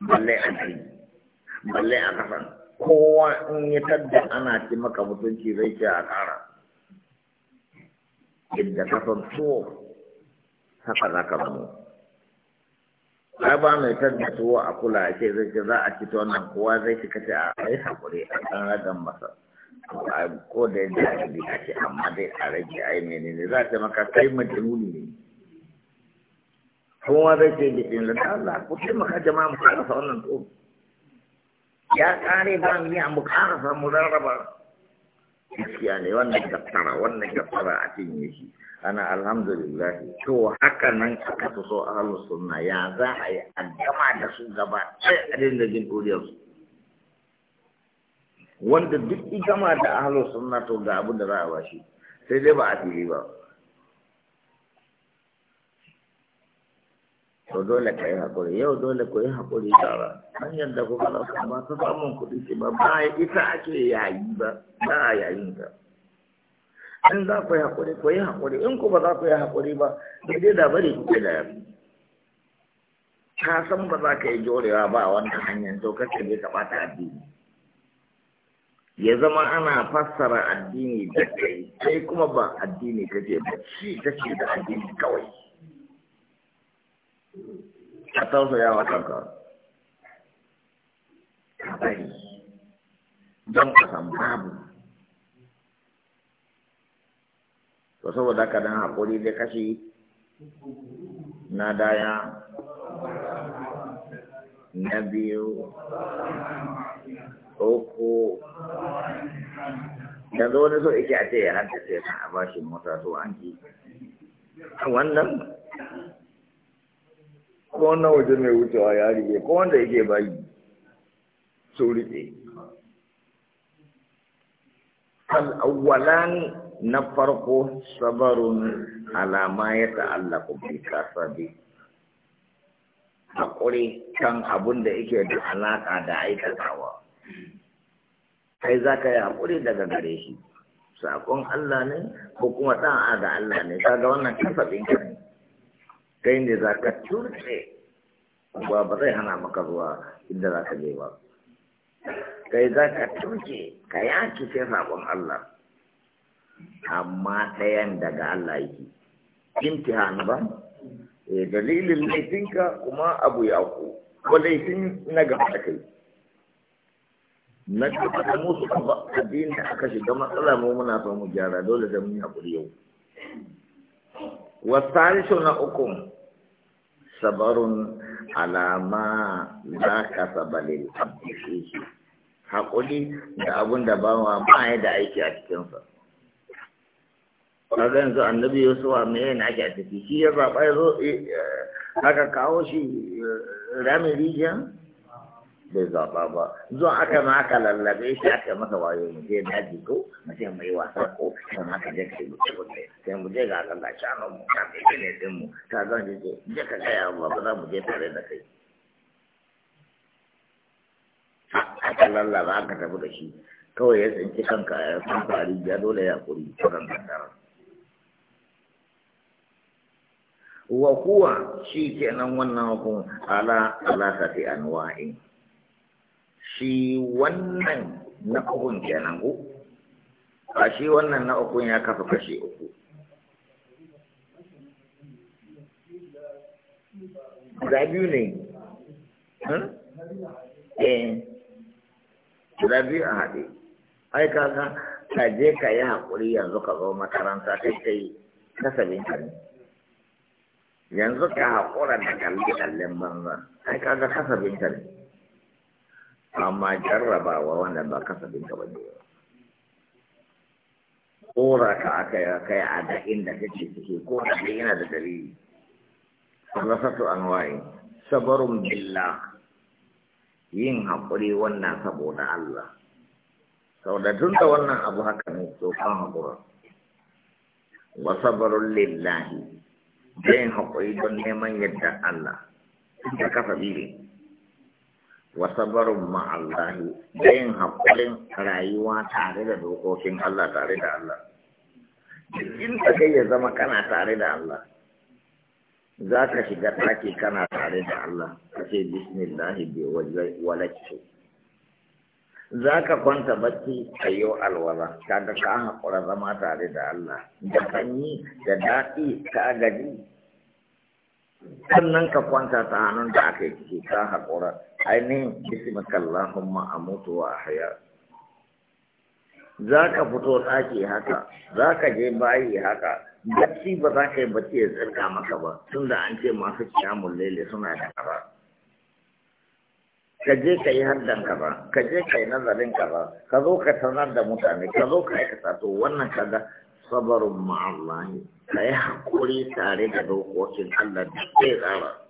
Speaker 1: balle a gari balle a kasan kowa in ya tadda ana ce maka mutunci zai ce a ƙara inda kasan tuwo haka za ka zama ai ba mai tadda tuwo a kula a ce zai ce za a ci ta wannan kowa zai ci kace a ai hakuri a kan ragan masa ko da yadda ake bi a ce amma dai a rage ai menene za ta maka kai majinuni ne kowa zai ce bikin lantarki Allah ku taimaka jama'a mu karasa wannan tuwo ya kare ba mu a mu ƙara samu rarraba gaskiya ne wannan daftara wannan daftara a cikin ana alhamdulillah to haka nan aka fi so a halin sunna ya za a yi addama da su gaba ɗaya a dinga jin su wanda duk igama da ahlus sunna to ga da za a bashi sai dai ba a fili ba to dole ka yi haƙuri yau dole ku yi haƙuri tara hanyar da kuma na ba ta samun kuɗi ce ba ba ita ake yayi ba ba a yayin in za ku yi haƙuri ku yi haƙuri in ku ba za ku yi haƙuri ba daidai da bari ku da yabi ka san ba za ka yi jorewa ba a wannan hanyar to kake ne ka ɓata addini ya zama ana fassara addini da kai sai kuma ba addini kake ba ci kake da addini kawai ka tausaya wa kanka
Speaker 2: ka bari don ka san babu
Speaker 1: to saboda haka dan haƙuri da kashi na daya
Speaker 2: na biyu
Speaker 1: uku yanzu wani so ike a ce ya haddace na a bashi mota to an ji
Speaker 2: wannan
Speaker 1: ko wannan waje mai wucewa ya rike ko wanda yake bayi su rike al'awwalani na farko sabarun alama ya ku bi kasabi haƙuri kan abun da yake da alaƙa da aikatawa kai za ka yi haƙuri daga gare shi saƙon Allah ne ko kuma ɗan'a da Allah ne kaga wannan kasabin kan kai ne za ka turce ba ba zai hana maka zuwa inda za ka je ba kai za ka turce ka yaki sai sabon Allah amma ɗayan daga Allah yake imtihan ba eh dalilin laifinka kuma abu ya ku ko laifin na gaba da kai na gaba ta musu addini da aka shiga matsala mu muna fa mu gyara dole da mun yi hakuri yau والثالث نأكم صبر على ما لا كسب للعبد فيه haƙuri da abun da ba wa ba ya da aiki a cikinsa kaga yanzu annabi yusuf a me yana ake a ciki shi ya zaɓa ya zo eh, kawo shi eh, ramin rijiya bai zaɓa ba zuwa aka ma aka lallabe shi aka masa wayo mu je daji ko mu je mai wasa ko mu haka je ka yi mutu mutu sai mu je ga Allah shanon mu ka bai gane din mu ka zan je je je ka gaya mu ba za mu je tare da kai aka lallaba aka tafi da shi kawai ya tsinci kanka ya san fari ya dole ya kuri kan kankara wa kuwa shi kenan wannan hukun ala ala fi anwa'in shi wannan na ukun kenan ku a shi wannan na ukun ya kafa kashe uku guda biyu ne hmm? eh guda biyu a haɗe ai kaga ka je ka yi haƙuri yanzu ka zo makaranta kai kai kasabin ka ne yanzu ka haƙura da kalli kallen banza ai ka kasabin ka ne amma jarrabawa wannan ba kasafin ka bane ba kora ka aka yi kai a da inda kake ciki ko da yana da dalili an anwa'i sabarun billah yin haƙuri wannan saboda Allah sau da tun da wannan abu haka ne to kan haƙura wa sabarun lillahi da yin haƙuri don neman yadda Allah tun da kasafi ne وصبر مع الله بين haƙurin rayuwa tare da dokokin Allah tare da Allah Jirgin ka kai ya zama kana tare da Allah za ka shiga ɗaki kana tare da Allah ka ce bismillahi bi walakki za ka kwanta bacci a yau alwala ga ka haƙura zama tare da Allah da kanyi da daɗi ka gaji sannan ka kwanta ta hannun da aka yi ka haƙura ainihin a amutu wa ahya za ka fito ɗaki haka za ka je bayi haka bacci ba za ka yi bacci ya tsirka maka ba tun da an ce masu kyamun lele suna da ƙara. ka je ka yi haddan ka ba ka je ka yi nazarin ka ba ka zo ka sanar da mutane ka zo ka aikata to wannan kaga sabarun ma'allahi ka yi haƙuri tare da dokokin Allah da zai tsara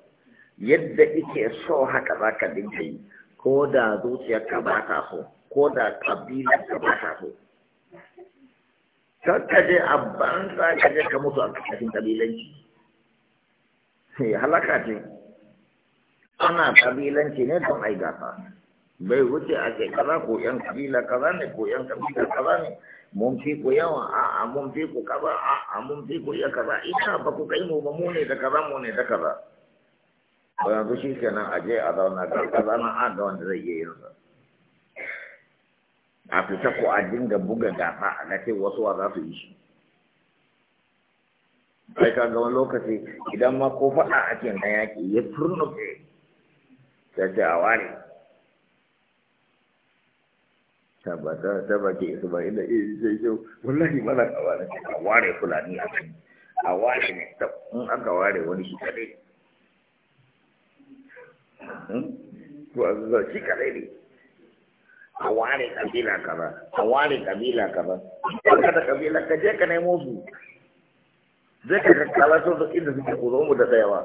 Speaker 1: yadda ike so haka za ka dinka yi ko da zuciyar ka ba ta so ko da ƙabilar ka ba ta so ka je a banza ka je ka mutu a ƙarƙashin ƙabilanci halaka ce ana ƙabilanci ne don ai gasa bai wuce a ce kaza ko yan kabila kaza ne ko yan kabila kaza ne mun fi ku yawa a a mun fi ku kaza a a mun fi ku iya kaza ina ba ku kai mu ba mu ne da kaza mu ne da kaza ba yanzu shi kenan a je a zauna ga kaza a an da wanda zai iya yin sa a fita ko a dinga buga gasa a ga ce wasu wa za su yi shi sai ka ga wani lokaci idan ma ko faɗa ake na yaƙi ya turnuke ta ce a ware tabbata tabbata isma'ila eh sai sai wallahi mana kawara a ware fulani a kai a ware ne in aka ware wani shi kadai ko hmm? a shi kadai ne a ware kabila kaza a ware kabila kaza ka da kabila ka je ka nemo su zai ka kakkala to da inda suke ku zo mu da yawa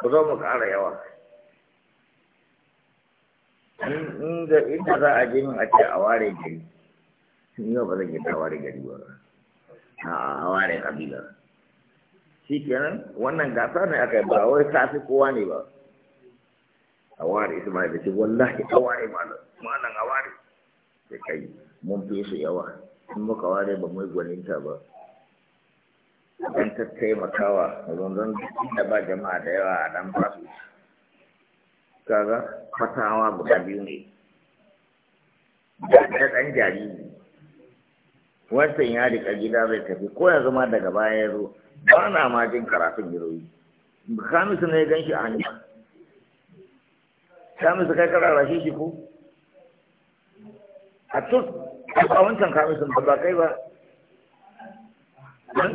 Speaker 1: ku zo mu ƙara yawa inda inda za a je min a ce a ware gari sun yau ba zan yi ta ware gari ba a ware kabila shi kenan wannan gasa ne aka yi ba wai ta fi kowa ne ba a ware ismail ce wallahi a ware malam a ware da kai mun fi su yawa in muka ware ba mai gwaninta ba dan ta taimakawa zanzan da ba jama'a da yawa a ba su kaga fatawa guda biyu ne da ɗan jariri wancan ya rika gida zai tafi ko ya zama daga baya ya zo ba na ma jin karatun giroyi kamisu ne gan shi a hanya kamisu kai kara rashi shi ko a tut a wancan kamisun ba kai ba hmm?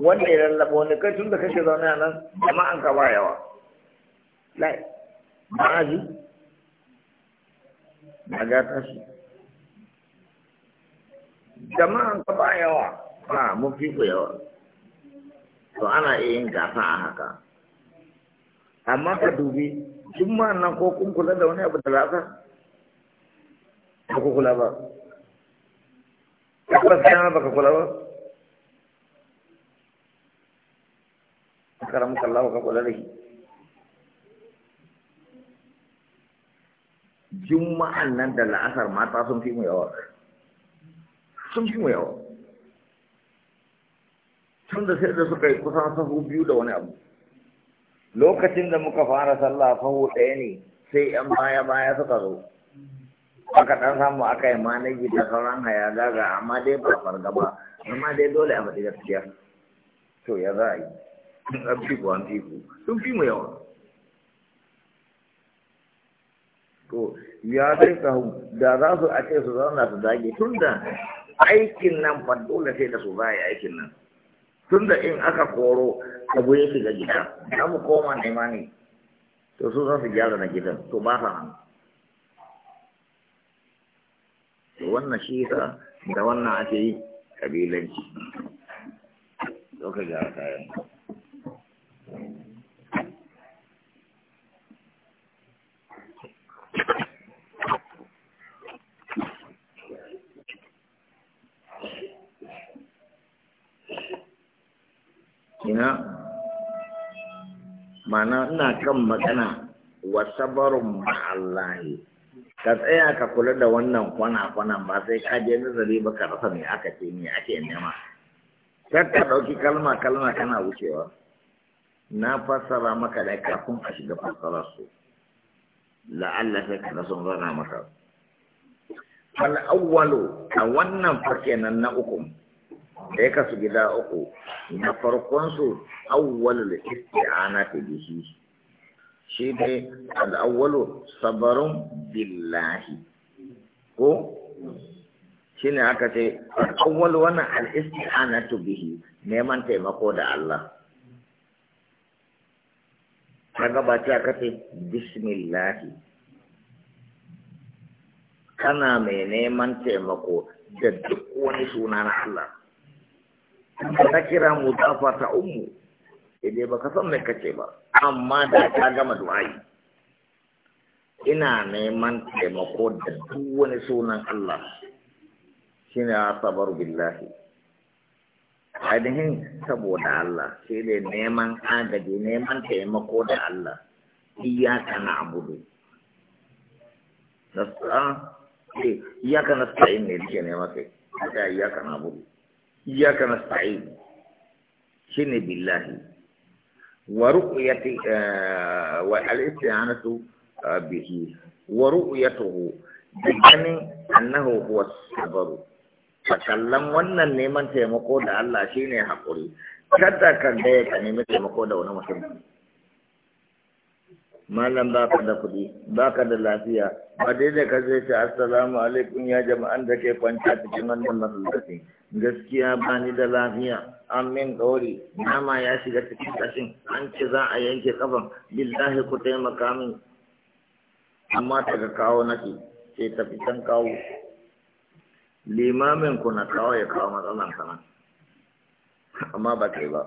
Speaker 1: wanda ya lallaba wanda kai tun da kashe zaune a nan jama'an ka ba yawa lai ma'azi na ga tashi jama'an ka ba yawa ba mun fi ku yawa to ana iya yin gasa a haka amma ka dubi juma nan ko kun kula da wani abu da lafa ba ku kula ba tabbas kana ba ka kula ba karam kallahu ka kula da shi juma'an nan da la'asar mata sun fi mu yawa sun fi mu yawa tun da sai da suka yi kusan sahu biyu da wani abu lokacin da muka fara sallah fahu ɗaya ne sai yan baya baya suka zo aka ɗan samu aka yi manaji da sauran haya gaga amma dai ba fargaba amma dai dole a faɗi gaskiya to ya za a yi an fi ku an fi ku sun fi mu yawa to ya zai ka da za su a ce su zauna su zage tun da aikin nan fa dole sai da su za a yi aikin nan tun da in aka koro abu ya shiga gida za mu koma nema ne to su za su gyara na gidan to ba sa hannu to wannan shi da wannan ake yi kabilanci to ka gyara kayan kan magana wa sabarun ma'allahi ka tsaya ka kula da wannan kwana-kwanan ba sai ka je nazari ba ka rasa mai aka ce ne ake nema kar ka ɗauki kalma-kalma kana wucewa na fassara maka da kafin a shiga fassarar su la'alla sai ka rasa zana maka fal awwalu a wannan nan na uku da ya kasu gida uku na farkon su awwalul ta bihi shi ne al'awwalu sabarun billahi ko shi ne aka ce wani al'isti ana bihi neman taimako da Allah ta gabace aka ce bismillahi kana mai neman taimako da duk wani suna na Allah ta kira mu ta umu idai baka san mai kace ba amma da ta gama du'ai ina neman taimako da duk wani sunan Allah shine asabar billahi ainihin saboda Allah shi ne neman agaji neman taimako da Allah iyaka na abudu nasa eh, na sa'in ne yake nema kai iyaka na abudu iyaka shi ne billahi ورؤية والاستعانة به ورؤيته بجميع أنه هو الصبر فكلم وانا نيمان تيمكو دا الله شيني حقوري kada ka gaya ka nemi taimako da wani mutum malam ba da kuɗi baka da lafiya ba dai da ka zai ce assalamu alaikum ya jama'an da ke kwance a cikin wannan masallaci gaskiya ba ni da lafiya an min gauri nama ya shiga cikin kashin an ce za a yanke kafan billahi ku taimaka min amma daga kawo nake sai tafi can kawo limamin ku na kawo ya kawo matsalan kana amma ba kai ba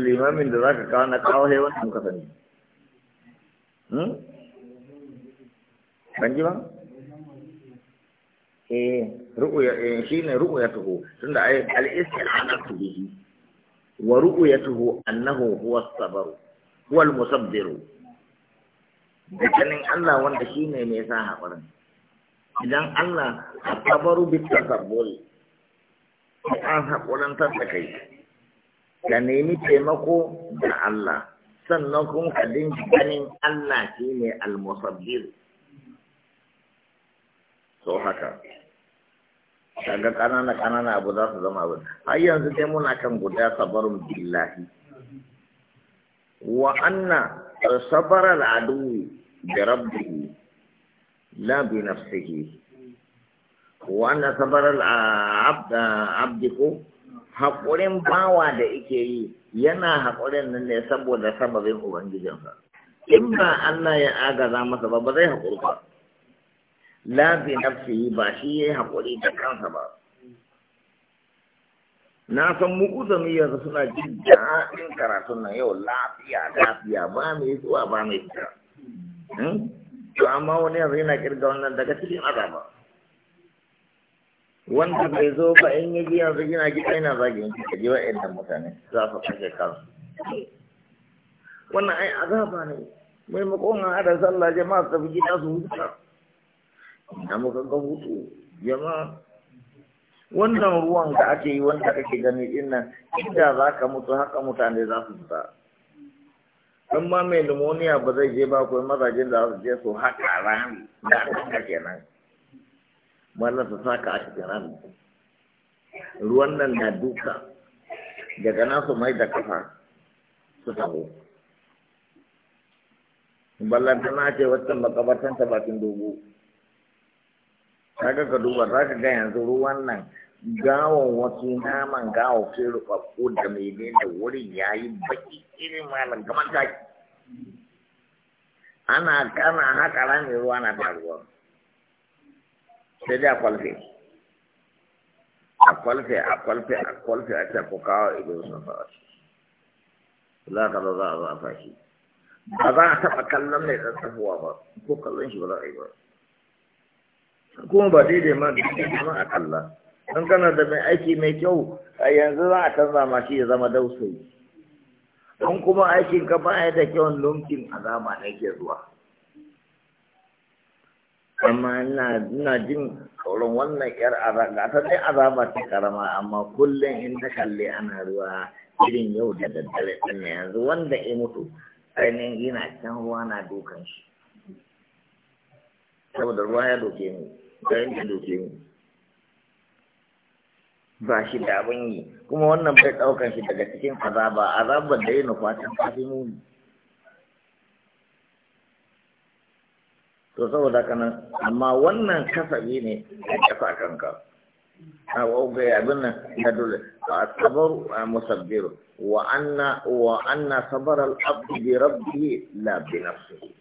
Speaker 1: limamin da za ka kawo na kawo sai wannan ka sani hmm? ban ji ba eh ru'ya eh shine ru'yatuhu tunda ai al-istilhanatu bihi wa ru'yatuhu annahu huwa as-sabr huwa al-musabbir dukkanin Allah wanda shine mai sa hakurin idan Allah sabaru bi tasabbul an hakurantar da kai ka nemi taimako da Allah sannan kuma ka dinga ganin Allah shine al-musabbir so haka kaga kanana kanana abu za su zama abin har yanzu dai muna kan guda sabarun billahi wa anna sabara al'adu bi rabbi la bi nafsihi wa anna sabara al'abd abdiku hakurin bawa da yake yi yana hakurin nan ne saboda sababin ubangijinsa in ba Allah ya agaza masa ba ba zai hakuri ba la bi nafsihi ba shi yayi hakuri da kansa ba na san mu uzumi yanzu suna jin daɗin karatun nan yau lafiya lafiya ba mai zuwa ba mai fita hmm? to amma wani yanzu yana kirga wannan daga cikin azaba wanda bai zo ba in yaji yanzu gina gida yana zagin ka ji wa'annan mutane za su kashe kansu wannan ai azaba ne maimakon a da sallah jama'a su tafi gida su huta na muka ga hutu jama'a wannan ruwan da ake yi wanda kake gani din nan inda za ka mutu haka mutane za su fita in ma mai pneumonia ba zai je ba kuma mazajen da su je su haka rami da aka kenan wannan su saka a cikin rami ruwan nan na duka daga nan su mai da kafa su taho ballantana ce wata makabartanta bakin dogo kaga ka duba za ka ga yanzu ruwan nan gawon wasu naman gawo ke rufaffu da mai da wurin ya yi baki irin malam kamar taki ana kana haka rami ruwa na taruwa sai dai a kwalfe a kwalfe a kwalfe a kwalfe a ce ku kawo idan sun fara za ka zo za a zafa shi ba za a taɓa kallon mai tsatsafuwa ba ko kallon shi ba za a yi ba kuma ba daidai ma daidai ma akalla don kana da mai aiki mai kyau a yanzu za a canza ma shi ya zama dausayi don kuma aikin ka ba da kyau lumkin azama ne ke zuwa amma ina jin tsoron wannan yar azaba ta dai azaba ta karama amma kullum in ta kalle ana ruwa irin yau da daddare ɗin yanzu wanda ya mutu ainihin yana can ruwa na dukan shi saboda ruwa ya doke mu don da doke mu ba shi da abin yi kuma wannan bai ɗaukar shi daga cikin azaba azabar da ya nufa ta kafin muni to saboda kana amma wannan kasabi ne a kafa kanka a wauga abin nan na dole a sabar a musabbir wa anna wa anna sabar al-abdi bi rabbi la bi nafsihi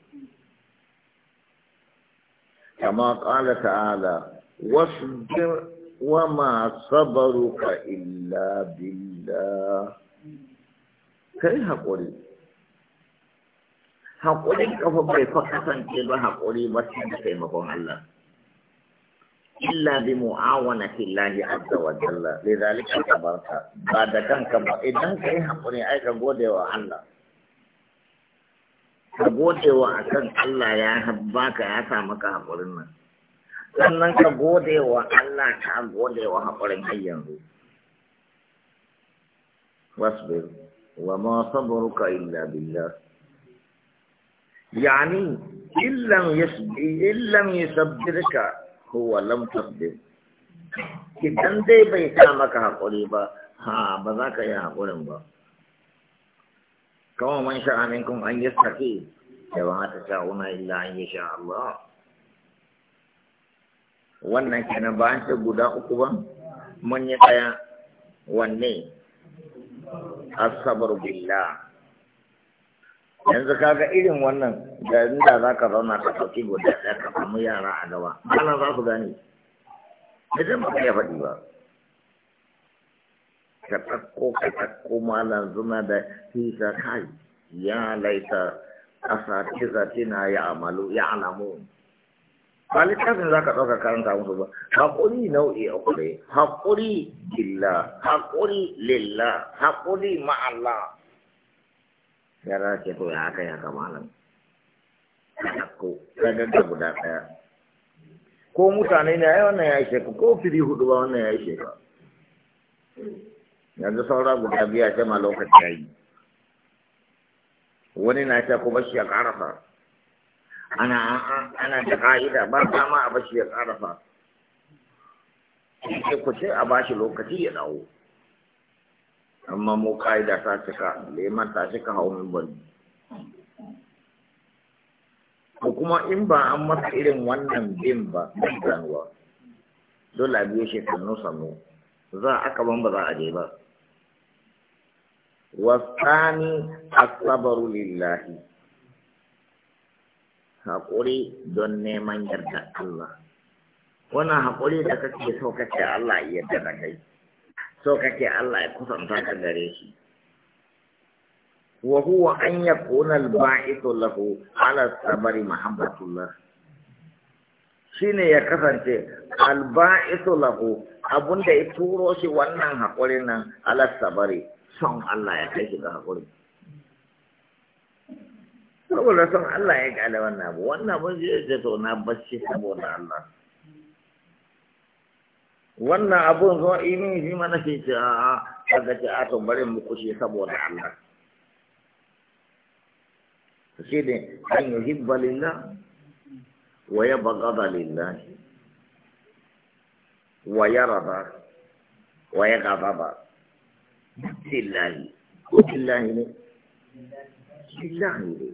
Speaker 1: كما قال تعالى واصبر وما صبرك إلا بالله كي هقولي هقولي كفو بيفقصا كيبا هقولي بس بسيمكم الله إلا بمعاونة الله عز وجل لذلك صبرت بعد كان كبا إذن كي هقولي أيك قودي الله ka gode wa akan Allah ya baka ya sa maka haƙurin nan sannan ka gode wa Allah ka gode wa haƙurin har yanzu wasbir wa ma sabruka illa billah yani illan ya illam yusabbirka huwa lam tasbir idan dai bai sa maka haƙuri ba ha ba za ka yi haƙurin ba كما من شاء منكم أن يستقيم وما تشاءون إلا أن يشاء الله wannan kenan bayan sai guda uku ba mun yi ɗaya wanne asabar billah yanzu kaga irin wannan da inda za ka zauna ta ɗauki guda ɗaya ka samu yara a gaba ana za su gane idan ba ka yi faɗi ba ka ɗauko ka ɗauko malam zuna da hisa kai ya laita ƙasa tisa tina ya amalu ya alamu ba littafin za ka ɗauka karanta musu ba haƙuri nau'i a kure haƙuri illa haƙuri lilla haƙuri ma'alla ya za ke to ya aka Ka malam ka ɗauko ka gaggar guda ɗaya ko mutane ne ai wannan ya ishe ka ko fili hudu ba wannan ya ishe ka yanzu saura guda biya ce ma lokaci ya yi wani na ta ku bashi ya ƙarafa ana ana da ka'ida ba dama a bashi ya ƙarafa ke ku ce a bashi lokaci ya dawo amma mu ka'ida ta cika leman ta cika hau min bani ko kuma in ba an masa irin wannan bin ba ban ganuwa dole a biyo shekaru sannu za a aka ban ba za a je ba wasani asabaru lillahi haƙuri don neman yarda Allah Wani haƙuri da kake so kake Allah ya yarda da kai so kake Allah ya kusanta ka gare shi wa huwa an yakuna al-ba'ithu lahu ala sabari mahabbatullah shine ya kasance al-ba'ithu lahu abunda ya turo shi wannan haƙuri nan ala sabari son Allah ya kai shi ga haƙuri saboda son Allah ya kada wannan abu wannan abu zai ce to na bacci saboda Allah wannan abun zo imin shi mana shi ce a kaga ce a to bari mu kushe saboda Allah shi ne an yi yuhibba lillah wa ya yabghada lillah wa yarda wa ya yaghadaba billahi ko billahi ne billahi ne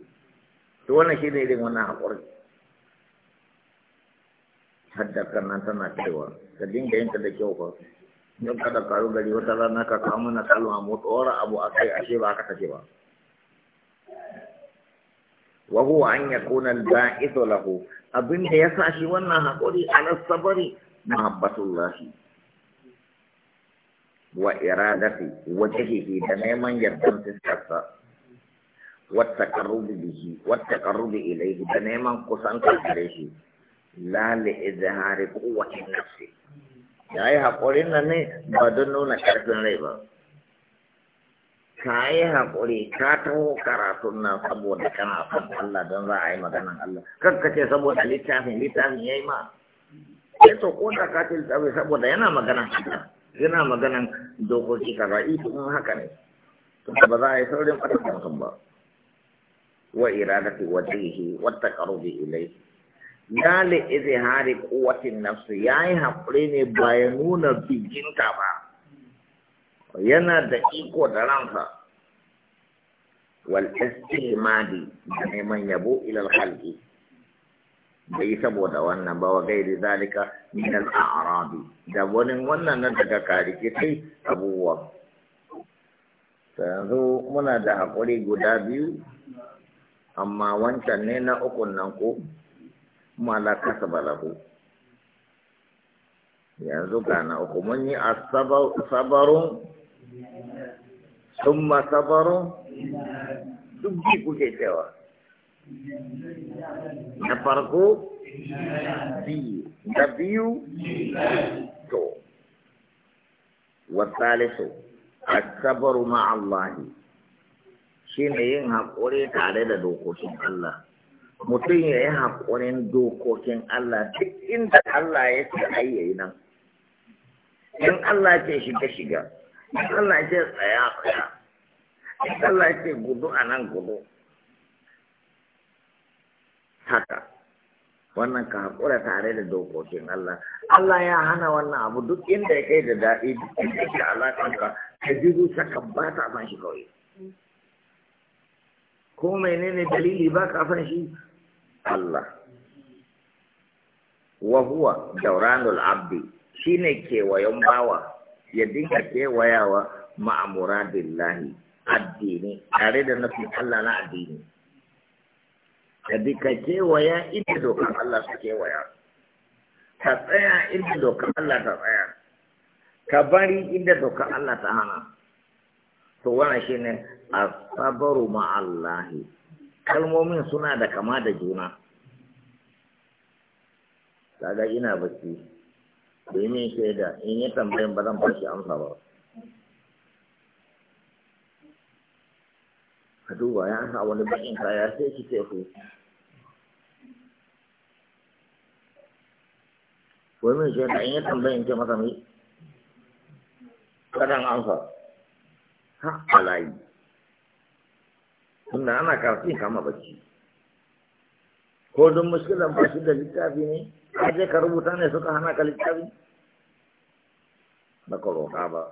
Speaker 1: to wannan shi ne irin wannan haƙuri haddakar nan tana cewa ka dinga yanka da kyau fa don kada karu gari wata rana ka kawo mana kalma a tsora abu a kai ashe ba ka tafi ba wa huwa an yakuna al-ba'ithu lahu abinda yasa shi wannan haƙuri ala sabari mahabbatullah وإرادة وجهه دنيما يبدو تسكت والتقرب به والتقرب إليه دنيما قصان تقريه لا لإظهار قوة النفس يا أيها قولين أني بدنون كرفين ريبا ka yi haƙuri ka taho karatun nan saboda kana son Allah don za a yi maganan Allah kan ka ce saboda littafin littafin ya yi ma ya to ko da ka ce saboda yana maganan Allah yana maganan dokoki kaza ita in haka ne tunda ba za a yi saurin ɓata mutum ba wa iradati dihi wa taqarrubi ilayhi ya li izhari nafsu. Ya yayi hakuri ne bayan nuna nuna bijinta ba yana da iko da ransa wal istimadi da neman yabo ila al bai saboda wannan ba wa gairi zalika min al-a'rabi da wani wannan nan daga kariki sai abubuwa yanzu muna da haƙuri guda biyu amma wancan ne na ukun nan ko malaka sabalahu yanzu ga na uku mun yi sabarun summa sabarun duk ku kuke cewa
Speaker 2: na farko biyu na
Speaker 1: biyu to wasalisu asabaru ma'allahi shi ne yin haƙuri tare da dokokin Allah mutum ya yi haƙurin dokokin Allah duk inda Allah ya ce ayyayi nan in Allah ce shiga shiga in Allah ce tsaya tsaya in Allah ce gudu a nan gudu haka wannan ka haƙura tare da dokokin Allah Allah ya hana wannan abu duk inda ya kai da daɗi duk inda ya ke alaƙanka ka ji zuciyarka ba ta san shi kawai ko menene dalili ba ka san shi Allah wa huwa dauranul abdi shine kewayon bawa ya dinga kewayawa ma'amuradillahi addini tare da nufin Allah na addini ka bi ka kewaya inda dokar Allah ta kewaya ka tsaya inda dokar Allah ta tsaya ka bari inda dokar Allah ta hana to wannan shine asabaru ma Allah kalmomin suna da kama da juna kaga ina bacci domin shaida in yi tambayin ba zan shi amsa ba ka duba ya sa wani bakin kaya sai ki teku wai mai shi ɗan yi tambayin ce masa mai kadan amsa ha alayi tunda ana kafin kama bacci ko don muskilan ba shi da littafi ne ka je ka rubuta ne suka hana ka littafi ba ka ba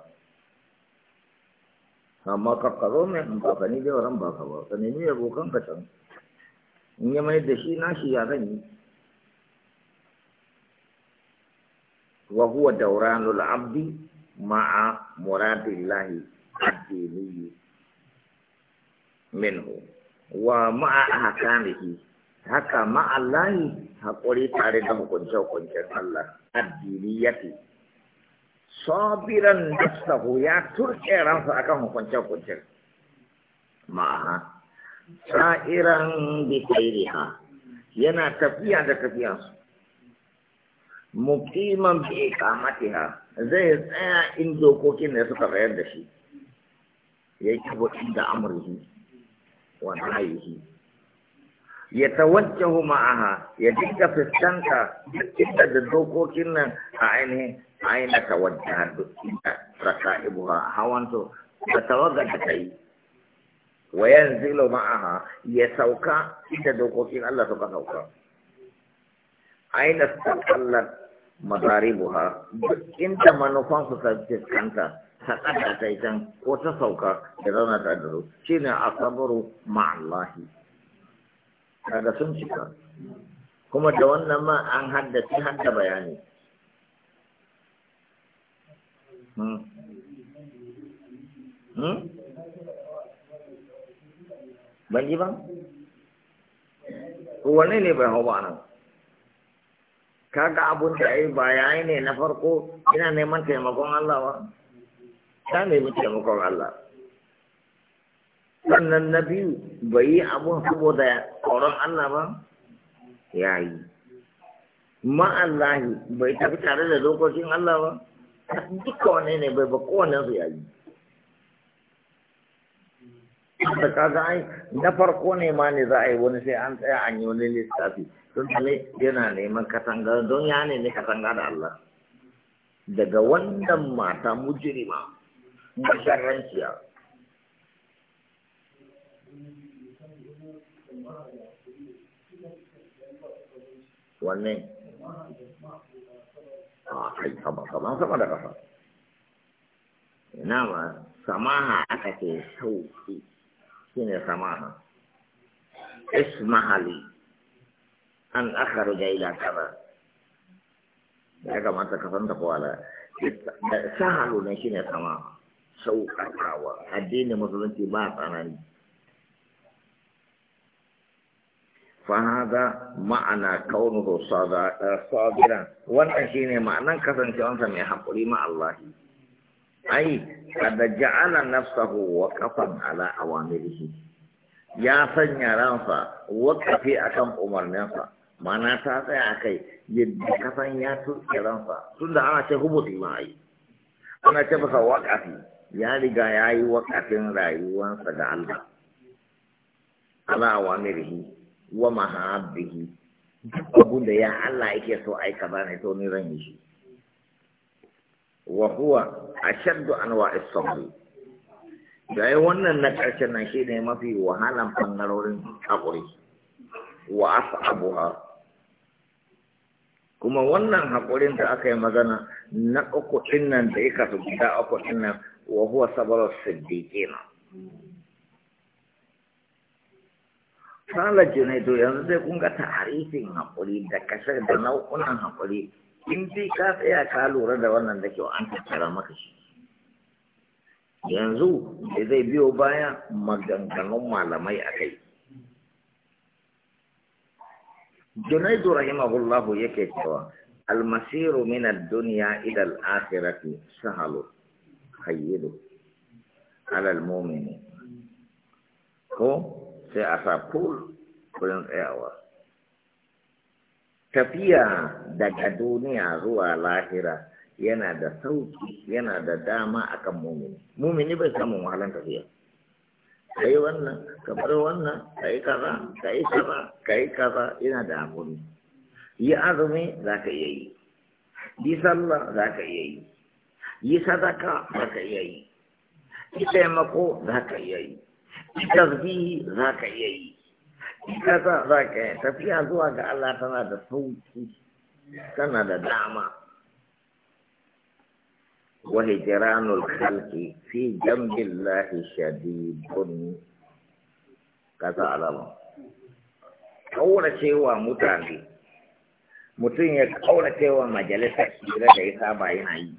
Speaker 1: amma kakkaro mai in ni dai waran ba ka ba ya da shi na shi ya zan Wahua wa huwa dauranul abdi ma'a muradillahi addiniyi minhu wa ma'a ahkamihi haka ma'a lahi haƙuri tare da hukunce-hukuncen Allah addiniyati sabiran nafsahu ya turke ransa akan hukunce-hukuncen ma'aha sa'iran bi khairiha yana tafiya da tafiyansu muqiman bi iqamatiha zai tsaya in dokokin da suka bayar da shi ya kabo da amrihi wani nahyihi ya tawajjahu ma'aha ya dinga fuskanta duk da dokokin nan a ainihin aina da rakaibuha da ta kai wa zilo ma'aha ya sauka ita dokokin Allah suka sauka aina ta taqallat madaribuha duk inda manufan su kanta ta kada ta can ko ta sauka da zauna ta shi ne a asabaru ma'allahi kaga sun cika kuma da wannan ma an haddace hadda bayani
Speaker 2: Hmm. Hmm?
Speaker 1: ban ji ba wanne ne bai hau ba nan kaga abun da ai ba yayi ne na farko ina neman taimakon Allah ba ta nemi taimakon Allah sannan na biyu bai yi abun saboda tsoron Allah ba yi. ma'allahi bai tafi tare da dokokin Allah ba duka wane ne bai ba su yayi da kaga ai na farko ne ma ne za a yi wani sai an tsaya an yi wani lissafi don tale yana neman katanga don ya ne katanga da Allah daga wannan mata mujirima masharranciya
Speaker 2: wannan a
Speaker 1: kai sama sama sama da kasa ina ma samaha aka ce sauki shine samaha ismahali an akharuja ila kaza ya kamata ka san ta kwala sahalu ne shine samaha sauƙaƙawa addinin musulunci ba tsanani فهذا معنى كونه صابرا وانا شيني معنى كسن شوانسا من حقولي مع الله أي قد جعل نفسه وقفا على أوامره ya sanya ransa wakafi akan umarninsa mana ta tsaya akai kai yadda kasan ya tuke ransa tun ana ce hubuti ma yi ana ce masa ya riga ya yi rayuwarsa ga Allah ala wa mahabbihi duk abun da ya Allah yake so ai kaza ne to ni zan yi shi wa huwa ashaddu anwa'is sabr dai wannan na karshen nan shine mafi wahalan bangarorin hakuri wa as'abuha kuma wannan hakurin da aka yi magana na uku nan da ya kasu guda uku nan wa huwa sabarar siddiqina Salar Junaidu yanzu zai kunga tarihin haƙuri da kasar da nau'unan haƙuri in bi ka tsaya ka lura da wannan da kyau an tattara maka shi. Yanzu da zai biyo baya maganganun malamai a kai. Rahima rahimahullahu yake cewa almasiru min ad-dunya ila al-akhirati sahalu khayyidu ala al-mu'mini. Ko sai a sa pool tsayawa tafiya daga duniya zuwa lahira yana da sauki yana da dama akan mumini mumini bai samun wahalan tafiya ka yi wannan ka wannan ka yi kaza ka yi kaza ka yi kaza yana da hakuri yi azumi za ka iya yi yi sallah za ka iya yi yi sadaka za ka iya yi yi taimako za ka yi tasbihi za ka iya yi ita za za ka yi tafiya zuwa ga Allah tana da sauki tana da dama wa hijranul khalqi fi jambillahi shadidun kaza alama kauracewa mutane mutum ya kauracewa majalisar hira da ya saba yana yi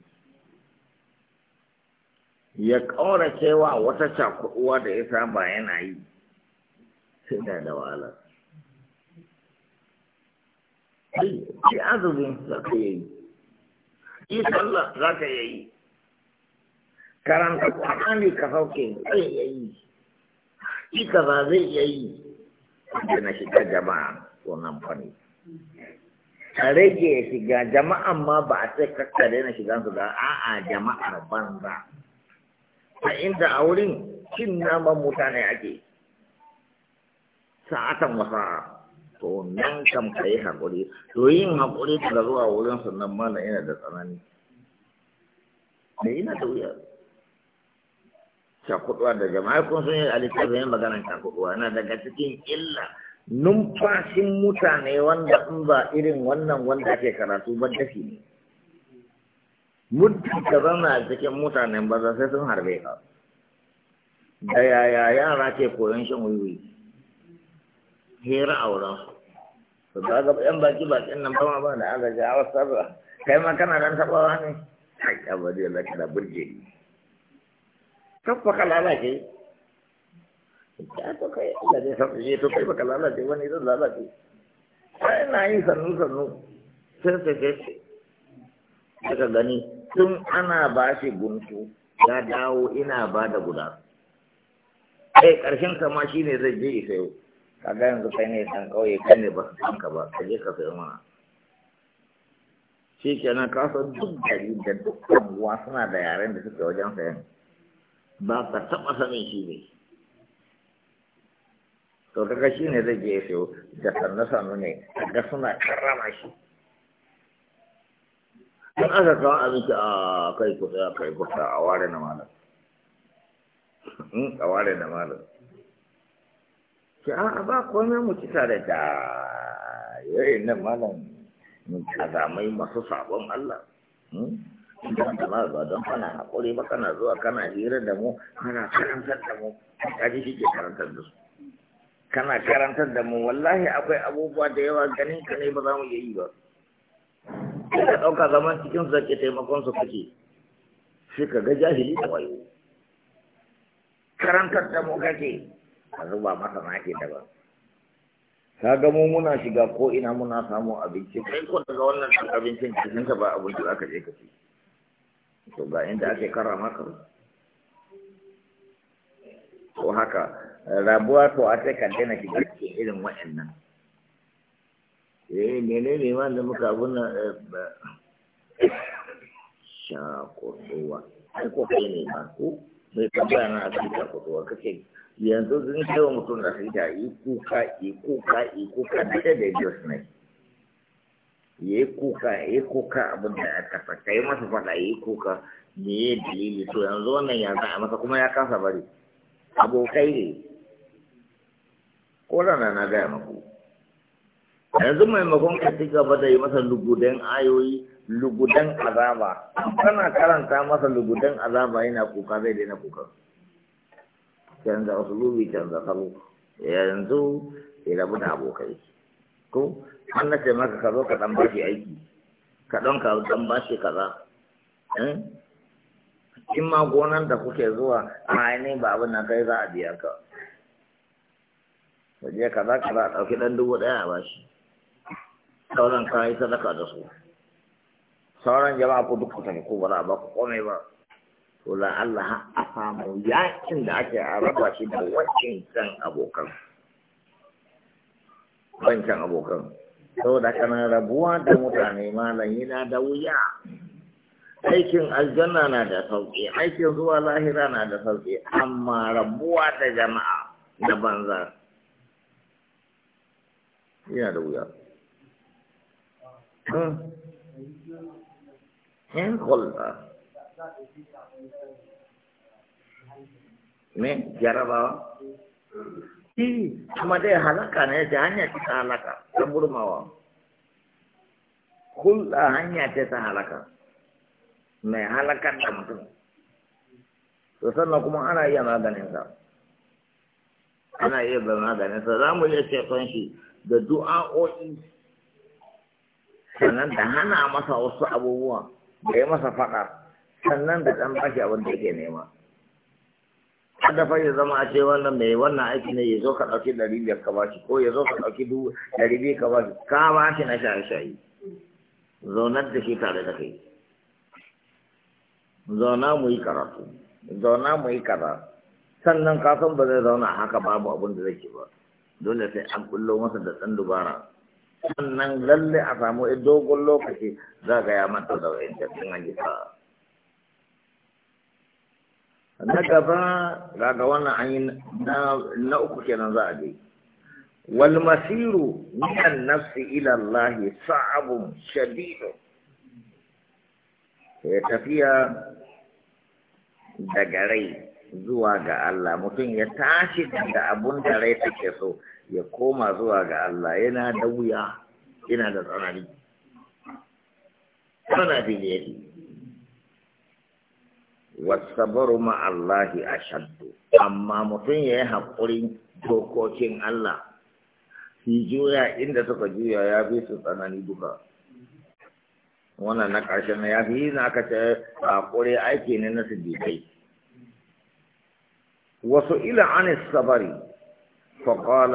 Speaker 1: ya ƙaura cewa wata cakuɗuwa da ya saba yana yi sai da da wahala shi azumin za ka yi yi sallah za ka yi karanta ƙwaƙani ka sauke zai yi yi za zai yi na shiga jama'a wannan fani a rage shiga jama'an ma ba a sai kakkare na shigansu ba a'a jama'ar banza a inda a wurin cin naman mutane ake sa'atan wasa to nan kam ka yi haƙuri to yin haƙuri daga zuwa wurin sannan mana yana da tsanani da yana da wuya shakuduwa da jama'a kun sun yi a littafin yin maganar shakuduwa yana daga cikin illa numfashin mutane wanda in ba irin wannan wanda ake karatu ba dafi ne muddin ka a cikin mutanen za sai sun harbe ka da yaya yara ke koyon shan wiwi hira auren su to ga yan baki bakin nan ba ma ba da agaji a wasu sarra kai ma kana dan tabawa ne kai da laka da burge ni kafa ka lalace ya to kai da zai san je to kai baka lalace wani zan lalace sai na yin sannu sannu sai sai sai daga gani tun ana ba shi guntu ya dawo ina ba da guda eh ƙarshen sama shi ne zai je ya sayo ga yanzu kai ne san kauye kai ne ba san ka ba ka je ka sayo mana shi ke nan san duk gari da dukkan ruwa suna da yaren da suke wajen sayan ba ka taɓa sanin shi ne to kaga shi ne zai je ya sayo da sannu sannu ne ga suna
Speaker 2: karrama shi
Speaker 1: in aka kawo abinci a kai kusa a kai kusa a ware na malam hmm, a ware na malam ki a ba komai mu ci tare da yayin nan malam kazamai masu sabon Allah idan da ba ba don kana haƙuri ba kana zuwa kana hira da mu kana karantar da mu kaji shi ke karantar da su kana karantar da mu wallahi akwai abubuwa da yawa ganin ka ne ba za mu iya yi ba sai ka ɗauka zaman cikin su ke taimakon su kake sai ka ga jahili da wayo karantar da mu kake a zuba masa nake daban ka ga mu muna shiga ko ina muna samu abinci kai ko daga wannan ɗan abincin cikin ka ba abinci aka je ka ci to ga inda ake kara maka to haka rabuwa to a sai ka daina shiga cikin irin waɗannan eh menene ma da muka abun nan eh, shakotowa ai ko kai ne ma ko mai tambaya na asali shakotowa kake yanzu zan kai wa mutum da sai da yi kuka yi kuka yi kuka da da Dios ne yi kuka yi kuka abin da aka fata yi masa faɗa yi kuka me ye dalili to yanzu wannan ya za a masa kuma ya kasa bari abokai ne ko na gaya maku yanzu maimakon ka ci gaba da yi masa lugudan ayoyi lugudan azaba kana karanta masa lugudan azaba yana kuka zai daina kuka canza lubi canza salo yanzu ya rabu da abokai ko an na ce maka ka zo ka dan bashi aiki ka don ka dan bashi kaza eh? in ma gonan da kuke zuwa a ne ba abin na kai za a biya ka waje kaza kaza a ɗauki ɗan dubu ɗaya a bashi sauran ka yi sadaka da su sauran jama'a ko duk kusa ko ba za a ba ku komai ba to la Allah a samu yakin da ake a raba shi da wancan abokan wancan abokan saboda kana rabuwa da mutane malam yana da wuya aikin aljanna na da sauƙi aikin zuwa lahira na da sauƙi amma rabuwa da jama'a da banza yana da wuya Yan hulɗa. Me jarabawa? Shi, kuma halaka ne ta hanya ce ta halaka, ta burmawa. Hulɗa hanya ce ta halaka. Mai halaka da mutum. To sannan kuma ana iya maganin sa. Ana iya maganin sa, za mu iya ceton shi da du'a'o'i oh, sannan da hana masa wasu abubuwa da ya masa faɗa sannan da ɗan bashi abin da yake nema kada fa ya zama a ce wannan mai wannan aiki ne ya zo ka ɗauki ɗari biyar ka bashi ko ya zo ka ɗauki dubu ɗari biyu ka bashi ka bashi na shaye-shaye zaunar da shi tare da kai zauna mu yi karatu zauna mu yi kaza sannan ka san ba zai zauna haka babu abin da zai ke ba dole sai an kullo masa da ɗan dubara sannan lalle a samu dogon lokaci za ga ya manta da wa'incancin ayyuka na gaba za ga wannan an yi na uku kenan za a je wal masiru minan nafsi ila Allah sa'abun shadidun ya tafiya daga rai zuwa ga Allah mutum ya tashi daga abun da rai take so ya koma zuwa ga Allah yana da wuya yana da tsanani tsanani fili yake wasabaru ma'allahi a shaddu amma mutum ya yi haƙurin dokokin Allah fi juya inda suka juya ya fi su tsanani duka wannan na ƙarshen ya fi yi na aka ce haƙuri aiki ne na su kai. wasu ila anis sabari فقال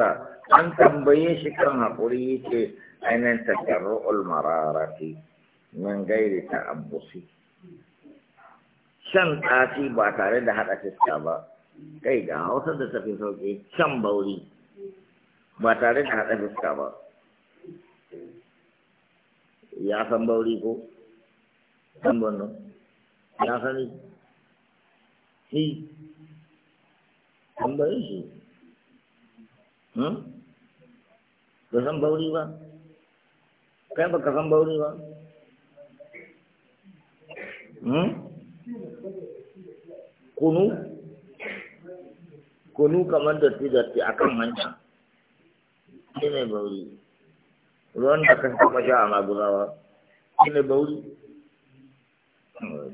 Speaker 1: an tambaye shi kan haƙuri yake ainihin takarru'ul mararati min gairi ta'abbusi shan ɗaci ba tare da haɗa fiska ba kai ga hausa da tafi sauƙi shan bauri ba tare da haɗa fiska ba ya san bauri ko san banno ya sani shi tambaye shi ba hmm? san bauri ba kai ba ka san bauri ba hmm? kunu kunu kamar datti-datti a kan hanya shi ne bauri ruwan da kan taba sha a maguzawa shi ne bauri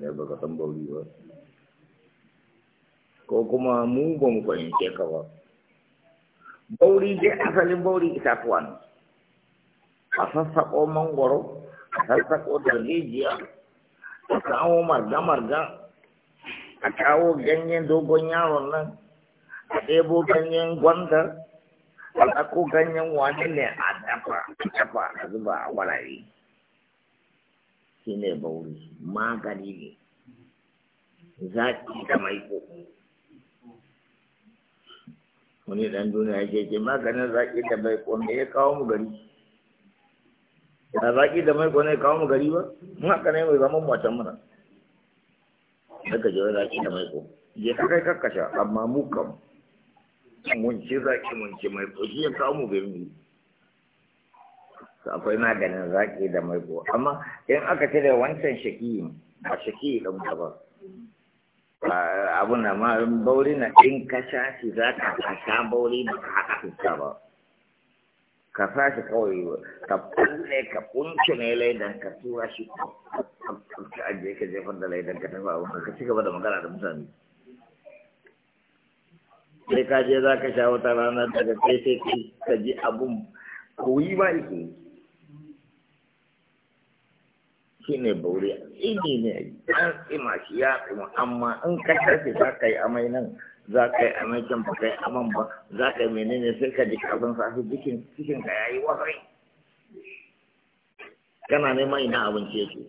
Speaker 1: ne ba ka san bauri ba ko kuma mu ba mu fahimce ka ba bauri je asalin bauri itatuwan, a sassaƙo mangoro a sassaƙo darbejiya a kawo marga-marga a kawo ganyen dogon yaron nan a ɗebo ganyen gwanda a ɗako ganyen wani ne a dafa a dafa a zuba a walaye shi ne bauri magani ne Zaki da maiko wani ɗan duniya ya ce maganin zaki da mai kone ya kawo mu gari Ya zaki da mai kone ya kawo mu gari ba mun haka ne mai zaman matan muna daga jiwa zaki da mai kone je ka kai amma mu kam mun ci zaki mun ci mai kone ya kawo mu gari ne akwai maganin zaki da mai kone amma in aka cire wancan shakiyin a shakiyi ɗan ba abun na ma bauri na in ka sha shi za ka sha bauri ba ka haɗa fuska ba ka sa shi kawai ka kunne ka kunce ne laidan ka tura shi ka ajiye ka jefar da laidan ka tafi abun ka ci gaba da magana da mutane sai ka je za ka sha wata rana daga kai sai ka ji abun koyi ba ike yi shi ne bauri tsini ne an tsima shi ya tsima amma in ka tafi za ka yi amai nan za ka yi amai can ba ka yi aman ba za ka yi menene sai ka ji kafin safi jikin cikin ka ya yi wasai kana neman ina abinci yake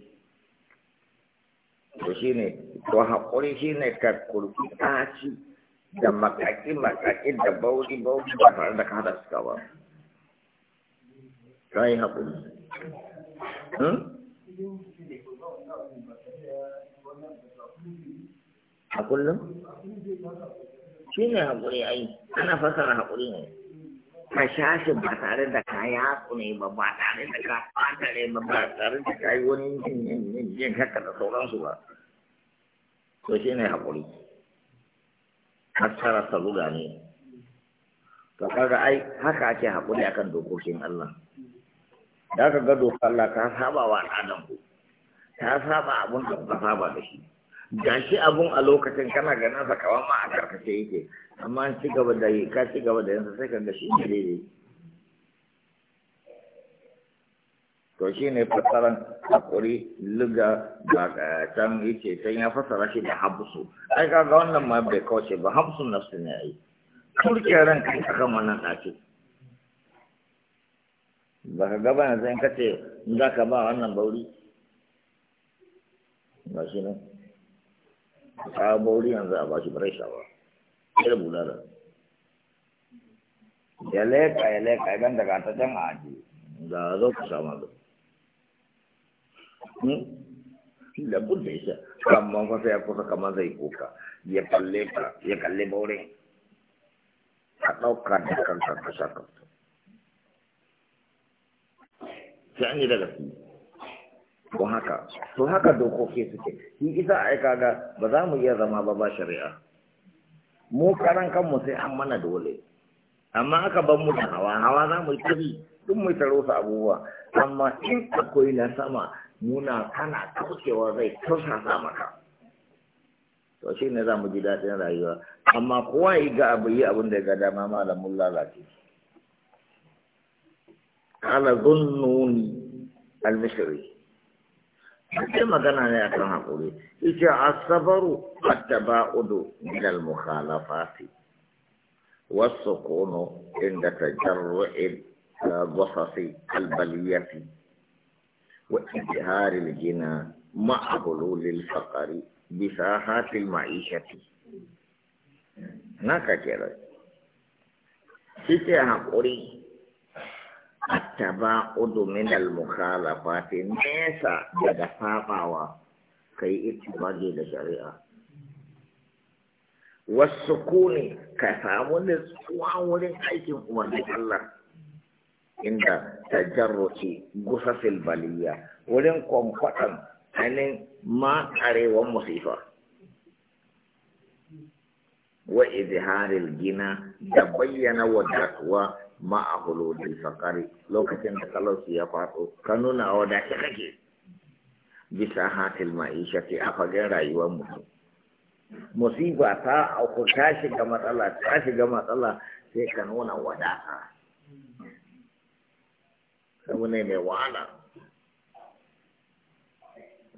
Speaker 1: to shi ne to haƙuri shi ne ka kurfi ɗaci da makaƙi makaƙi da bauri bauri ba tare da ka haɗa suka ba ka yi haƙuri hmm? a kullum shi ne haƙuri a yi ana fasara haƙuri ne ka shashi ba tare da ka yi haƙu ne ba ba tare da ka ɓatare ba ba tare da ka yi wani yin haka da sauransu ba to shi ne haƙuri fassara saluga ne to kaga ai haka ake haƙuri akan dokokin Allah da ka ga dokar Allah ta saba wa al'adan ku ta saba abun da ka saba da shi gashi abun a lokacin kana ganin sa kawai ma a karkace yake amma an ci gaba da yi ka ci gaba da yansa sai ka ga shi ne ne to shi ne fassaran hakuri luga ga can yake can ya fasara shi da habsu ai ga wannan ma bai kauce ba habsu nafsu ne ai turke ran kai akan wannan ɗakin baka gaba yanzu in kace za ka ba wannan bauri ba shi ne a bauri yanzu a ba shi bare shawa irin bulala ya leka ya leka idan daga ta can a aji a zo ku sama zo hmm? da budda isa kamar fasa ya kusa kamar zai koka ya kalle ya kalle baurin a ɗauka da kanka ka saka sai an yi da gaske ko haka to haka dokoki suke shi isa ai kaga ba za mu iya zama ba ba shari'a mu karan kanmu sai an mana dole amma aka ban mu da hawa hawa za mu yi tabi duk mu taro sa abubuwa amma in akwai na sama muna kana kaucewa zai sama maka to shi ne za mu ji daɗin rayuwa amma kowa yi ga abu yi abin da ya ga dama malamin lalace kala zunnuni almisri ita magana ne a kan haƙuri ita asabaru hatta ba udu minal mukhalafati wasu kono inda ta jarru'in gwasasi eh, albaliyati wa ijiharin gina ma'abululil fakari bisa hatin ma'ishati na kake rai Ike haƙuri attaba udumin al-mukhala fatin nesa daga safawa ka ita itibage da shari'a wasu ku ne ka samu nutsuwa wurin aikin umarni Allah inda ta jarroce gusa silbaliya wurin kwamfatan hannun ma karewar musifa wa izharil gina da bayyana wadatuwa ma'ahulu da sakari lokacin da talauci ya faɗo ka nuna wa da kake bisa hatil ma'isha ce a fagen rayuwar mutum musiba ta auku ta shiga matsala ta shiga matsala sai ka nuna wadata sabu ne mai wahala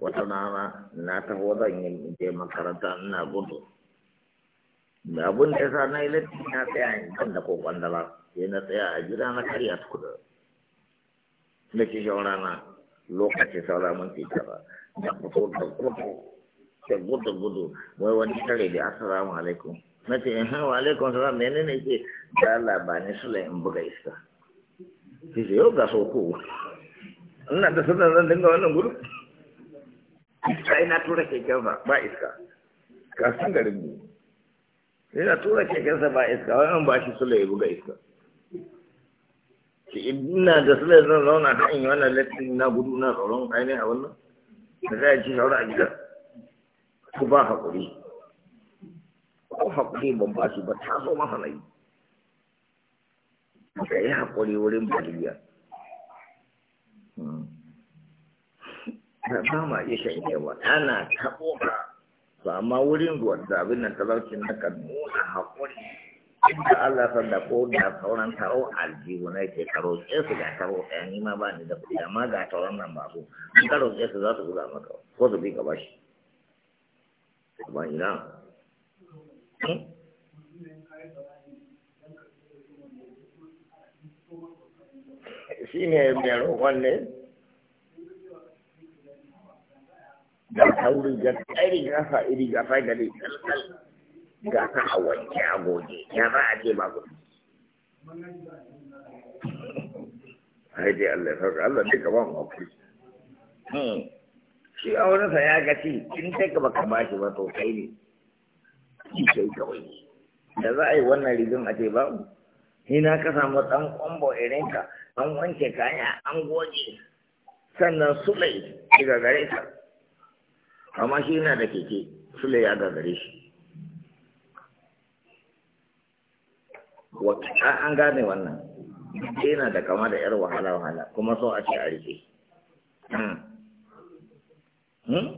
Speaker 1: wata nama na ta zan yin je makaranta ina gudu da abun da sa na yi latti na tsaya in kan da kokon dalar sai na tsaya a gida na karya tukuna na ci shawarana lokacin saura minti tara da fito da gudu da gudu gudu wai wani tare da assalamu alaikum na ce in eh, hawa alaikum salam mene ne ke da labarin sula in buga iska ke ce yau ga soko ina da sunan zan dinga wannan gudu sai na tura keken sa ba iska kasan garin mu sai na tura keken sa ba iska wannan ba shi sula ya buga iska ina da su ne zan zauna ta in yi wannan lattin na gudu na tsoron ainihin a wannan da za a ci shaura a gida ku ba haƙuri ko haƙuri ban ba su ba ta so masa na yi ka yi haƙuri wurin baliya hmm. ba ma iya ba ana taɓo ba ba ma wurin ruwan zabin nan talaucin na kan nuna haƙuri inda Allah san da ko da sauran taro aljihu na ke karo sai su ga taro ɗaya ni ma ba ni da kuɗi amma ga taron nan ba su in karo sai su za su buga maka ko su bi gaba shi ba ina hmm? shi ne mai roƙon ne da tauri ga tsari gafa iri gafa gari
Speaker 2: kalkal
Speaker 1: ga ta a wanke a goge ya za a ce ba ku. ai dai Allah ya sauka Allah duka ba mu hakuri hmm. shi a sa ya ga ci in kai ka baka bashi ba to kai ne shi kai kawai da za a yi wannan rigin a ce babu ni na ka samu ɗan kwambo ka. an wanke kaya an goge sannan sulai daga gare ka amma shi yana da keke sulai ya gare shi an gane wannan yana da kama da yar wahala-wahala kuma so a ce a rike hmm. hmm?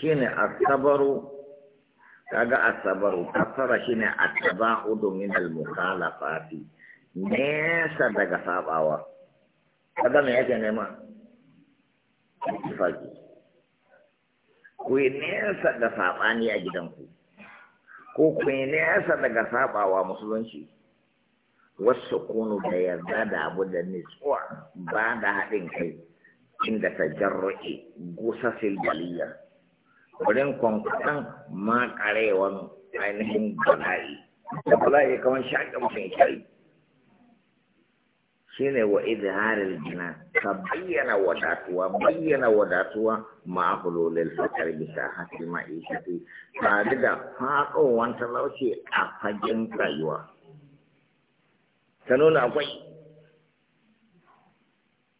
Speaker 1: shi ne asabaru kaga asabaru kasara shi ne asabahu domin almukala fati
Speaker 2: nesa
Speaker 1: daga sabawa kaga me yake nema faki ku yi nesa da sabani a gidanku ko kai nesa daga sabawa musulunci wasu kunu da yarda da abu da nitsuwa ba da haɗin kai inda ta jarra'i gusasil baliya wurin ma makarewan ainihin bala'i da bala'i kamar shaƙin fin shari'a shine wa izharil jinan ka bayyana wadatuwa bayyana wadatuwa ma hululil fakar bisa hasil ma'ishati ba da fakon talauci a fagen rayuwa ta nuna akwai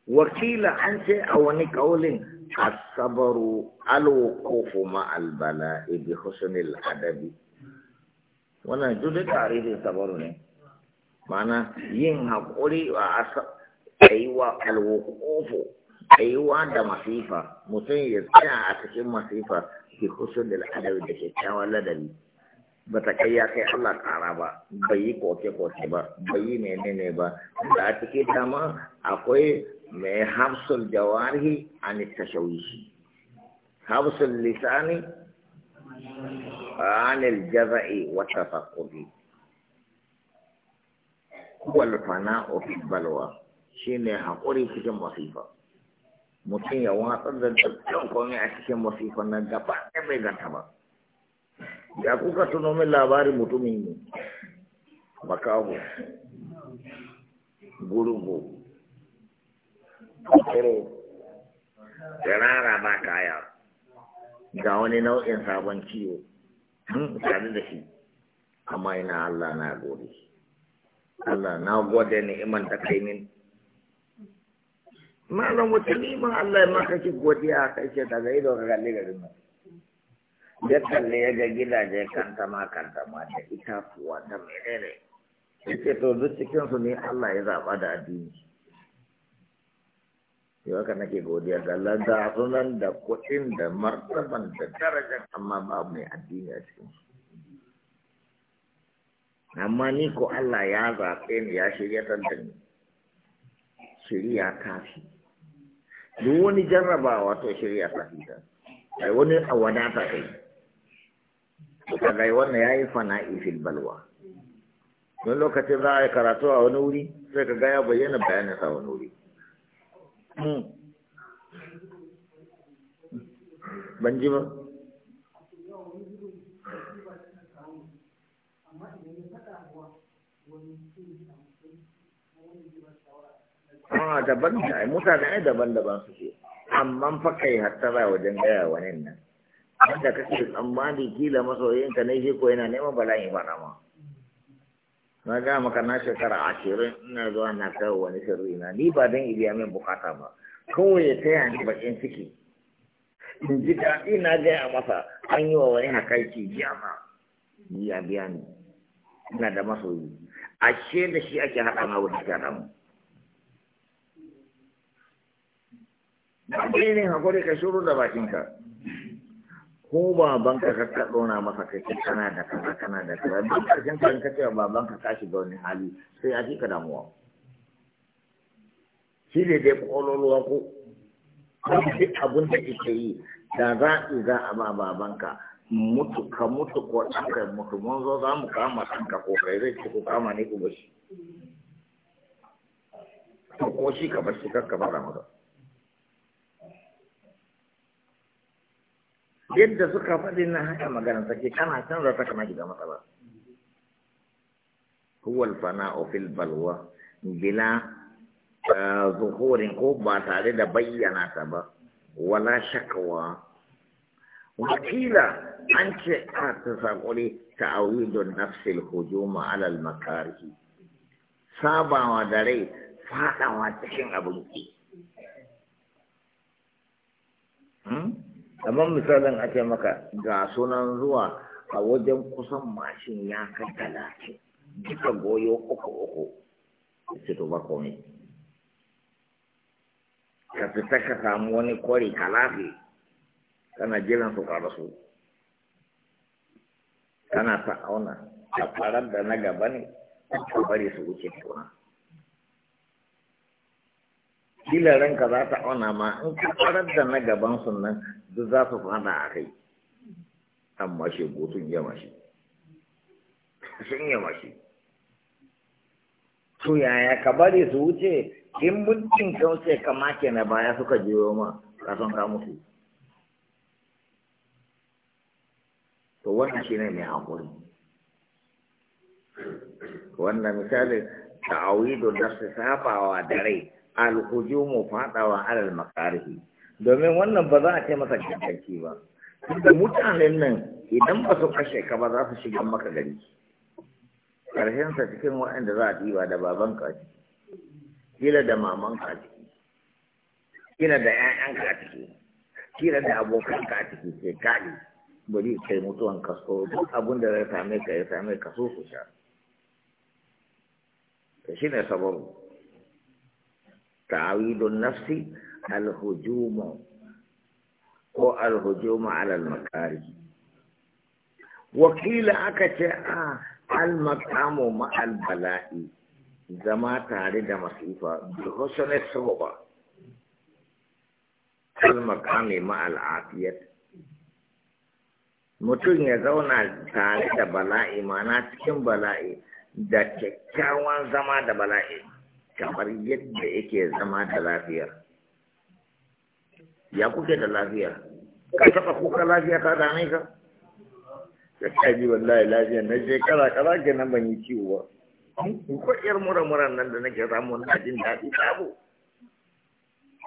Speaker 1: wakila an ce a wani kaulin asabaru alwuqufu ma albala'i bi husnil adabi wannan duk tarihin sabaru ne mana yin haƙuri a asa a yi wa a yi wa da masifa mutum ya tsaya a cikin masifa ke kusur da al'adabi da kyakkyawan ladabi ba ta kai ya kai Allah kara ba bai yi koke-koke ba bai yi menene ba da a cikin dama akwai mai hamsul jawarihi a tashawishi hamsul lisani anil jaza'i wata fakuri huwal fana ofis balwa shine hakuri cikin masifa mutum ya watsar da dukkan komai a cikin masifan na gaba ɗaya bai ganta ba ya kuka tuno min labarin mutumin ne makaho gurgu da tsirara ba kaya ga wani nau'in sabon ciwo hmm, tare da shi amma ina Allah na gode Allah na gode ni'iman da kai min
Speaker 2: malam wata ni'ima Allah ya maka
Speaker 1: ki godiya kai ce daga ido ka kalle garin nan ya kalle ya ga gidaje kanta ma kanta ma da itatuwa ta menene yace to duk cikin su ne Allah ya zaba da addini yau haka nake godiya ga Allah da sunan da kuɗin da martaban da darajar amma babu mai addini a cikin su amma ni ko Allah ya zaɓe ni ya shirya da ni shirya tafi, duk wani jarrabawa wato shirya tafi ta ai wani a wadata kai ka ga wannan yayi fana'i fil balwa don lokacin za a yi karatu a wani wuri sai ka ga ya bayyana bayanin sa wani wuri hmm. ban ji ba
Speaker 2: a daban da mutane
Speaker 1: daban-daban suke amma fakai kai hattara wajen gaya wani nan wanda kake tsammani kila masoyinka ne shi ko yana neman bala'i ba na ma na ga maka na shekara ashirin ina zuwa na kawo wani sirri na ni ba dan iliya min bukata ba kawai ya taya ni bakin ciki in ji daɗi na gaya masa an yi wa wani hakarki biya ma biya biya ni ina da masoyi ashe da shi ake haɗa ma wani mu
Speaker 2: ne hakuri ka
Speaker 1: shuru da bakinka ko babanka ka ka ɗona masa kai kana da kana kana da kana duk ƙarshen kan ka ce babanka ka shiga wani hali sai a ka damuwa shi ne dai ƙololuwa ko duk abin da kike yi da za ki za a ba babanka mutu ka mutu ko aka mutu mun zo za mu kama kanka ko kai zai ci ku kama ne ku bashi ko shi ka bashi kanka ba da maka yadda suka faɗi na haka magana sake kana canza ta kama shiga matsala huwal fana ofil balwa bila eh, zuhurin ko ba tare da bayyana ta ba wala shakawa wakila an ce a ta saƙuri don nafsil hujuma alal makarihi sabawa da rai faɗawa cikin abinci hmm? amma misalin a ce maka ga sunan zuwa a wajen kusan mashin ya kai talatin duka goyo uku uku ce to komai ka fita ka samu wani kwari ka lafi kana jiran su su kana ta auna ka farar da na gaba ne ka bari su wuce tuna kila ranka za ta auna ma in ka farar da na gaban sunan duk za su fada a kai amma shi gotun yama shi sun yama shi to yaya ka bari su wuce in mutum ka wuce ka make na baya suka jiyo ma ka son ka mutu to wannan shi ne mai haƙuri wannan misalin ta'awidu da su safawa da rai alhujumu fadawa alal makarihi domin wannan ba za a ce masa shakaki ba da mutanen nan idan ba su kashe ka ba za su shiga maka gari sa cikin waɗanda za a diba da baban ka ciki kila da maman ka ciki kila da ƴaƴan ka ciki kila da abokan ka ciki sai kaɗi bari kai mutuwan kaso duk abin da zai same ka ya same ka so su sha shi ne sababu تعويض النفس الهجوم ko alhujuma alal makari wakila aka ce a ma al bala'i zama tare da masifa bilhussanin soba ma ma'al afiyat mutum ya zauna tare da bala'i mana cikin bala'i da kyakkyawan zama da bala'i kamar yadda yake zama da lafiyar ya kuke da lafiya ka taba kuka lafiya ka gane ka ka kaji wallahi lafiya na shekara kaza nan ban yi ciwo ba ko yar mura nan da nake samu na jin daɗi sabo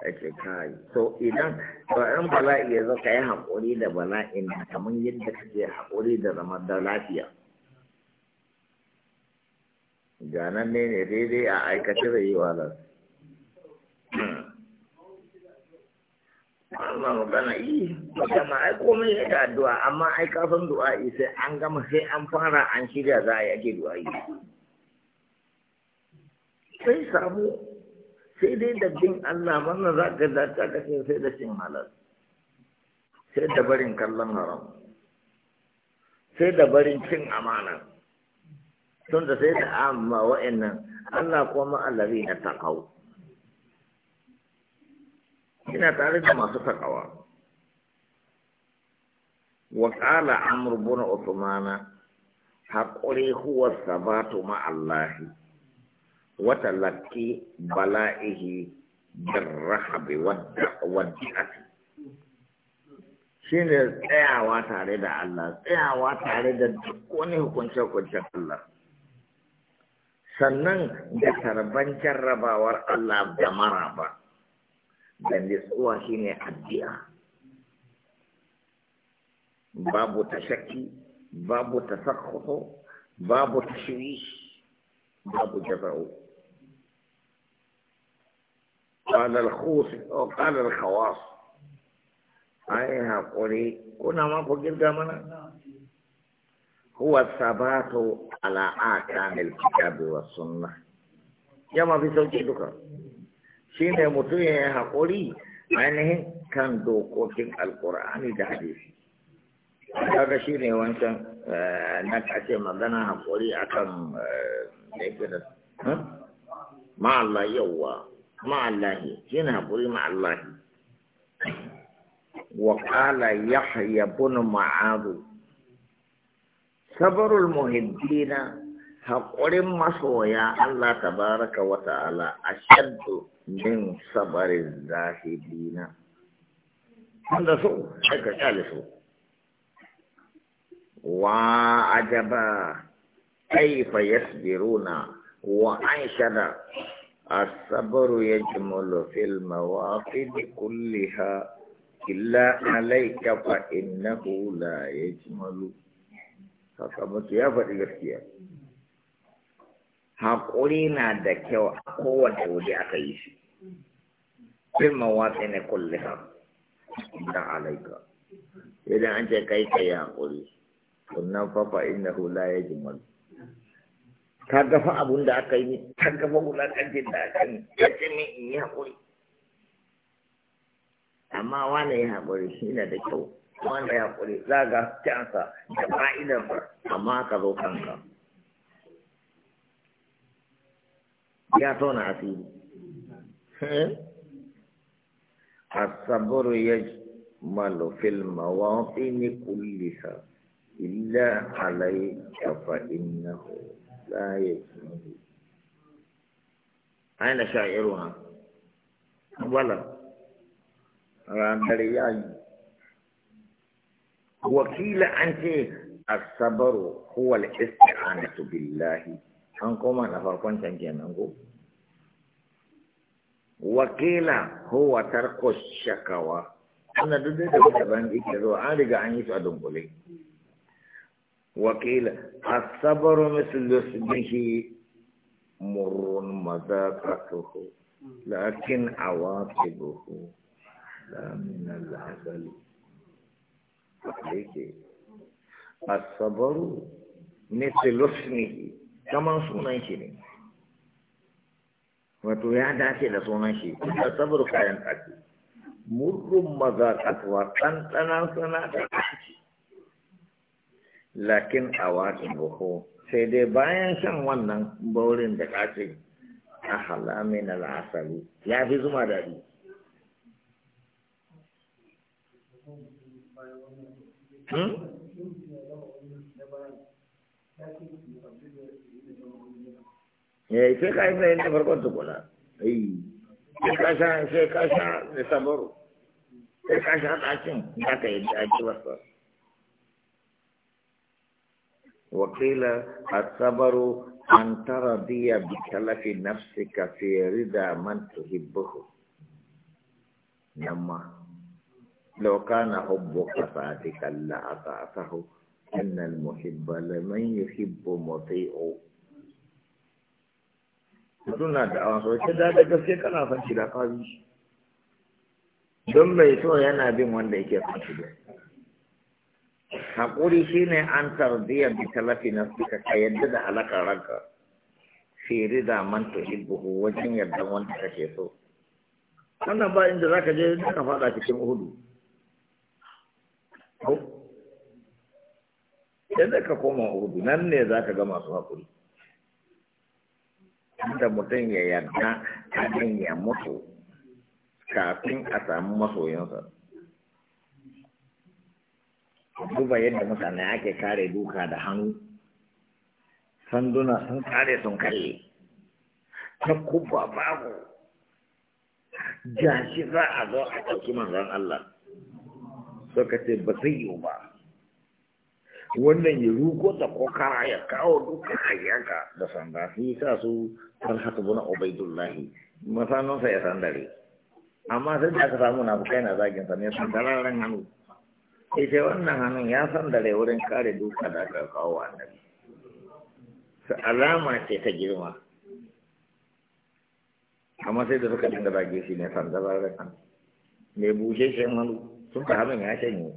Speaker 1: ake kai so idan ba'an bala'i ya zo ka yi haƙuri da bala'in kamar yadda kake haƙuri da zama da lafiya ganan ne ne daidai a aikace da yi wahalar
Speaker 2: amma magana
Speaker 1: yi ba ma ai komai ya da addu'a amma ai kafin du'a sai an gama sai an fara an shirya za a yi ake yi sai samu sai dai da bin Allah wannan za ka da ta kace sai da cin halal sai da barin kallon haram sai da barin cin amana tun da sai da amma wa'annan Allah kuma allazi na taqaw ina tare da masu taqawa wa qala amr ibn uthmana haquri huwa sabatu ma Allah wa talaqi bala'ihi birrahbi wadda'ati shine tsayawa tare da Allah tsayawa tare da duk wani hukunce-hukuncen Allah sannan da tarban jarrabawar Allah da mara ba, da nitsuwa shine addu'a babu tashakki babu ta tasakkutu babu ta tashwish babu jabra'u قال الخوص أو قال الخواص أي هقولي كنا ما فكر كمان huwa sabatu ala aqamil kitab wa sunnah jama bi sauki duka shine mutum ya hakuri ainihin kan dokokin alqur'ani da hadisi kaga shine wancan na magana hakuri akan da yake da ma Allah yawa ma Allah shine hakuri ma Allah وقال يحيى بن معاذ sabarul muhibbina haƙurin masoya Allah tabaraka wa ta'ala ashaddu min sabarin zahidina wanda so aka kyale so wa ajaba kaifa yasbiruna wa anshada الصبر يجمل في المواقف كلها إلا عليك فإنه لا يجمل sakamakon ya faɗi gaskiya haƙuri na da kyau a kowane wuri aka yi shi firma watsi ne kulle ha da alaika idan an ce kai kai haƙuri sunan fafa inda hula ya mal ka gafa abun da aka yi ka gafa jin da aka yi ya ce min in yi haƙuri amma wane ya haƙuri shi na da kyau wanda ya haƙuri za ga ta'ansa da ba. amma ka zo kanka ya tona asiri الصبر يجمل في المواطن كلها إلا عليك فإنه لا يجمل أين شاعرها؟ أولا راندرياي وكيل أنت asabaru huwa al-isti'anatu billahi an koma na farkon can kenan ko wakila huwa tarku shakawa ana duk da daban yake zo an riga an yi su a dunkule wakila asabaru mislu bihi murrun mazaqatuhu lakin awaqibuhu la min al-hazali yake asabaru mithlu ismihi kaman sunan shi ne wato ya dace da sunan shi sabar kayan tsaki murrun kasuwa ɗanɗana sana da ƙarfi lakin awatin buhu sai dai bayan shan wannan baurin da ƙarfi a na la'asari ya fi zuma daɗi Hmm? eh sai ka yi fahimta na farkon tukuna ai
Speaker 2: sai ka sha sai ka
Speaker 1: sha da sabaro sai ka sha ɗakin za ka yi da ake wasa wakila asabaru an tara biya bi talafi nafsika fi rida man tuhibbuhu nan ma لو كان حبك صادقا لأطعته أن المحب لمن يحب مطيعه suna da awon sauke da da gaske kana son shi da kawai shi don mai so yana bin wanda yake son shi da haƙuri shi ne an tarbiyyar da talafi na suka ka yadda da alaƙar ranka fere da man to buhu wajen yadda wanda kake so wannan ba inda za ka je ka faɗa cikin hudu sai zai ka koma hudu nan ne za ka ga masu haƙuri da mutum ya yarda abin ya mutu kafin a samu masoyinsa duba yadda mutane ake kare duka da hannu sanduna sun kare sun kalle ta kubba babu jashi za a zo a ɗauki manzan Allah suka ce ba zai yiwu ba wannan ya ruko ta kokara ya kawo dukkan hayyanka da sanda yi sa su har haka buna ubaidullahi masanonsa ya sandare amma sai da aka samu na bukai na zagin sa ne sandararren hannu Ita wannan hannun ya sandare wurin kare duka da aka kawo annabi sa alama ce ta girma amma sai da suka dinga zage shi ne sandararren hannu mai bushe shi hannu sun ta hannun ya shanye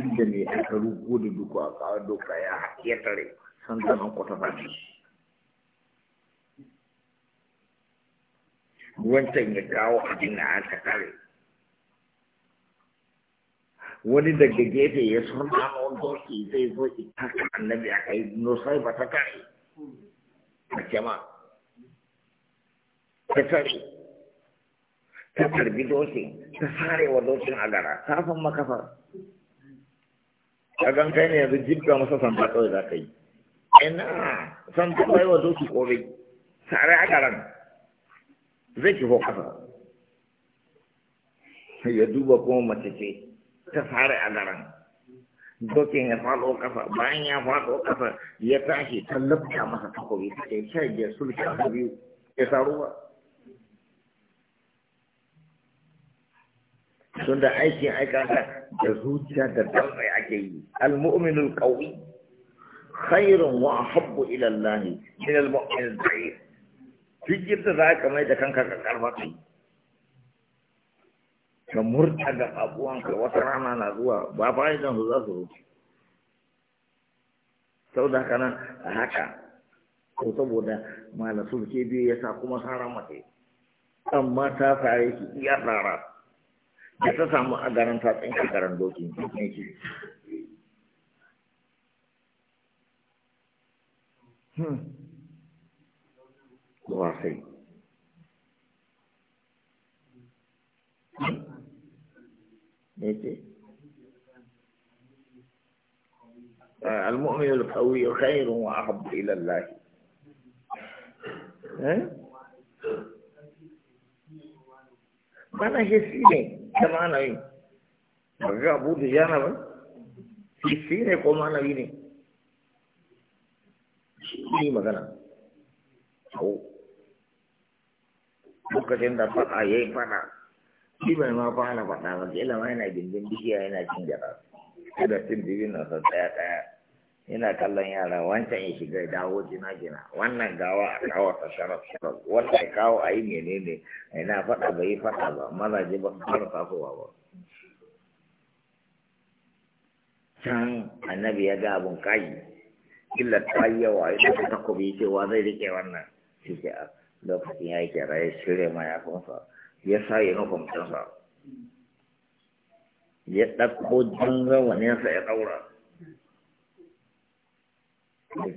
Speaker 1: inda mai aka rugo da duka a kawar doka ya haƙe tare san zanen kwata fadi wancan ya kawo abin da aka tare wani daga gefe ya surna wani doki zai zo ita ka annabi a kai nosai ba ta kare a jama ta tare ta karbi doki ta sarewa dokin a gara ta makafar kagan kai ne yanzu jibga masa sanda kawai za ka yi ina sanda bai wa doki kore tare a garan zai ki kasa ya duba kuma mace ce ta sare a garan dokin ya faɗo kasa bayan ya faɗo kasa ya tashi ta labta masa takobi ta ke, shan je sulki a biyu ya saruwa tunda aikin aikata da zuciya da dalbai ake yi al-mu'minul qawi khairun wa ahabbu ila Allah min al-mu'min al-da'if fikir da zaka mai da kanka ka karba kai ka murta ga abuwan ka wata rana na zuwa ba bai za su rufe sau da haka nan a haka ko saboda malasu ke biyu ya sa kuma sara mace amma ta sare shi iya rara da ta samu a garin ta tsinka garin doki ne ki wasai ne ce المؤمن القوي خير وأحب إلى الله أه؟ mana hissi da malamin ba ga abu da jana ba shi ne ko malami ne shi magana hau lokacin da faɗa ya yi faɗa shi bai ma fara faɗa ba ke lama yana gindin bishiya yana cin jara da cin dibin na sa tsaya tsaya ina kallon yara wancan ya shiga dawo jina jina wannan gawa a kawo ta sharaf sharaf wannan ya kawo a yi menene ina faɗa bai yi faɗa ba mazaje ba fara tasowa ba can annabi ya ga abun kayi illa ta yi yawa ya takobi wa zai rike wannan shi ke a ah, lokacin ya yi kera ya shirya mayafinsa ya sa yi nufin ya ɗauko jin rawaninsa ya ɗaura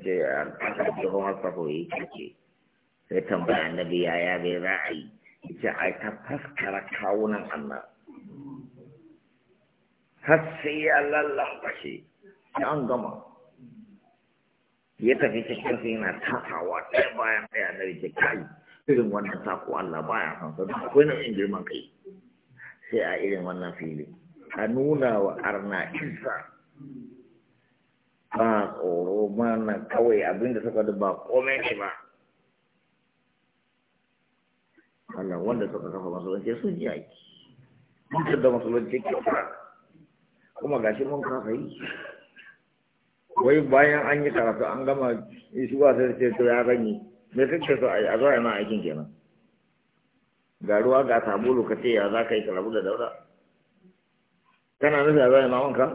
Speaker 1: ce a aka jihon asafo ya kake sai tambaya annabi yaya bai za a yi ce a ta faskara kawunan Allah har sai ya lallamba shi an gama ya tafi cikin sai yana tasawa ɗaya bayan ɗaya na rike kai irin wannan sako Allah baya san sa akwai nau'in girman kai sai a irin wannan fili a nuna wa arna isa ba tsoro ba nan kawai abinda suka da ba komai ne ba Allah wanda suka kafa musulunci su ji aiki mutum da ke fara kuma gashi mun kafa yi wai bayan an yi karatu an gama ba sai ce to ya gani me kake so a zo a ma aikin kenan ga ruwa ga sabulu ka ce ya za ka yi karabu da daura kana nufi a zo a wanka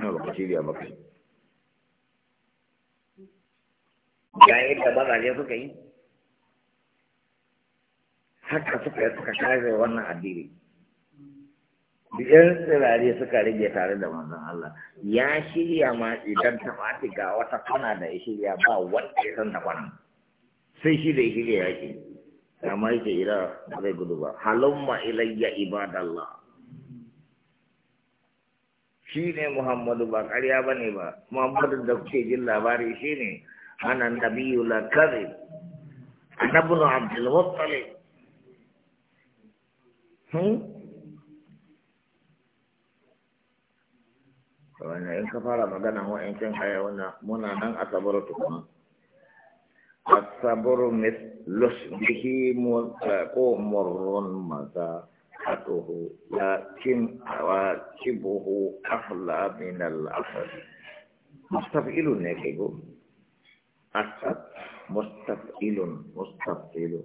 Speaker 1: na lokaci biya maka ga da mazaje suka yi haka suka suka kare wannan addini yan tsirare suka rage tare da manzon Allah ya shirya ma idan ta ɓaci ga wata kwana da ya shirya ba wanda ya san ta kwana sai shi da ya shirya yaƙi amma yake ira ba zai gudu ba halamma ilayya ibadallah shi ne Muhammadu ba karya ba ne ba, Muhammadu da kuke jin labari shi ne أنا النبي لا كذب أنا ابن عبد
Speaker 2: المطلب
Speaker 1: وانا ان كفارا مغانا هو ان كان حيا وانا منا نان اصبر تكون اصبر مثل لسنه مرقو مرون مزا لكن واجبه احلى من الاخر مستفئلون يا asad mustafilun mustafilun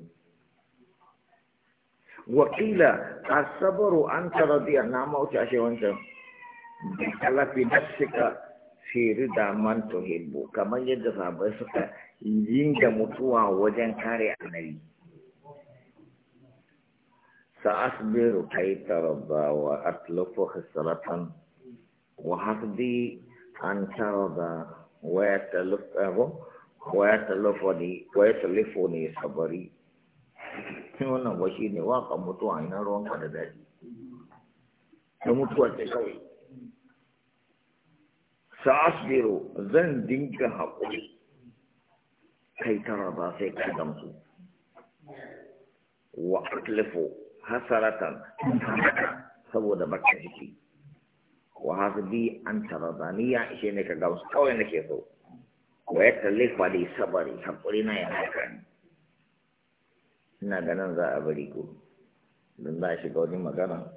Speaker 1: wakila asabaru an taradiya na mauce ashe wancan kalafi nafsika fi rida man tuhibbu kamar yadda sabai suka yinga mutuwa wajen kare annabi سأصبر كي ترضى وأتلف خسرة وحسبي أن ترضى ويتلفه ويتلفني صبري wannan ba shi ne waƙa mutuwa ina ruwanka da daɗi da mutuwa ce kawai sa'asbiru zan dinga haƙuri kai tara ba sai ka gamsu wa atlifu hasaratan saboda baka jiki wa hasbi an tara ba ni ya ishe ne ka gamsu kawai nake so ويتلف sabari, صبري na yana حكم ina ganin za a bari ko don za a shiga wani magana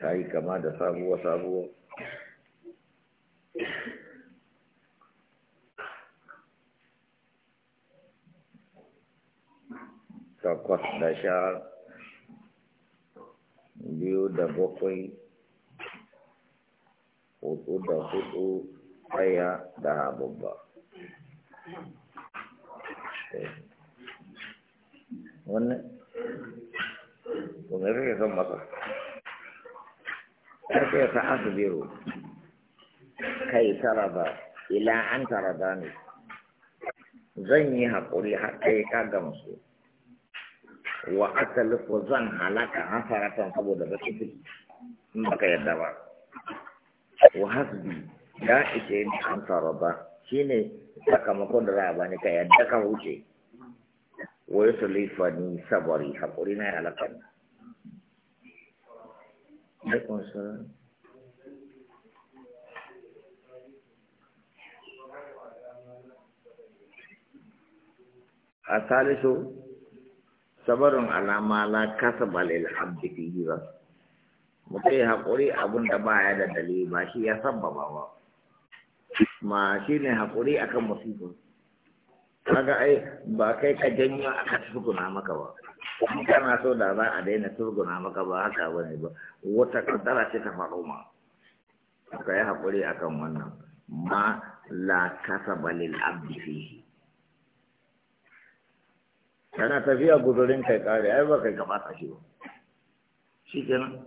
Speaker 1: ta yi kama da sabuwa-sabuwa takwas da sha biyu da bakwai hudu da hudu ɗaya da babba wannan to me son masa karka ya sa'a su biro kai tara ba ila an tara da ne zan yi haƙuri har kai ka gamsu wa aka lufu zan halaka hasaratan saboda ba ciki in baka yadda ba wa hasbi ya ishe ni an tara ba shine sakamakon da za a bani ka yadda ka huce Wai su sulifa ni sabari haƙuri na halakar a salisu sabarin alama la kasa balil abdi fi hira mutai haƙuri abin da ya da dalili ba shi ya sabba ba ma shi ne haƙuri a kan musibin kaga ai ba kai ka janyo aka turguna maka ba kana so da za a daina turguna maka ba haka ba ne ba wata kaddara ce ta faru ma ka yi haƙuri a kan wannan ma la kasa balil abdi fihi kana tafiya gudurin kai kare ai ba kai ka shi ba shi kenan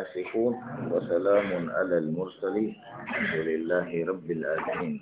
Speaker 1: آسفون وسلام على المرسلين ولله
Speaker 2: رب العالمين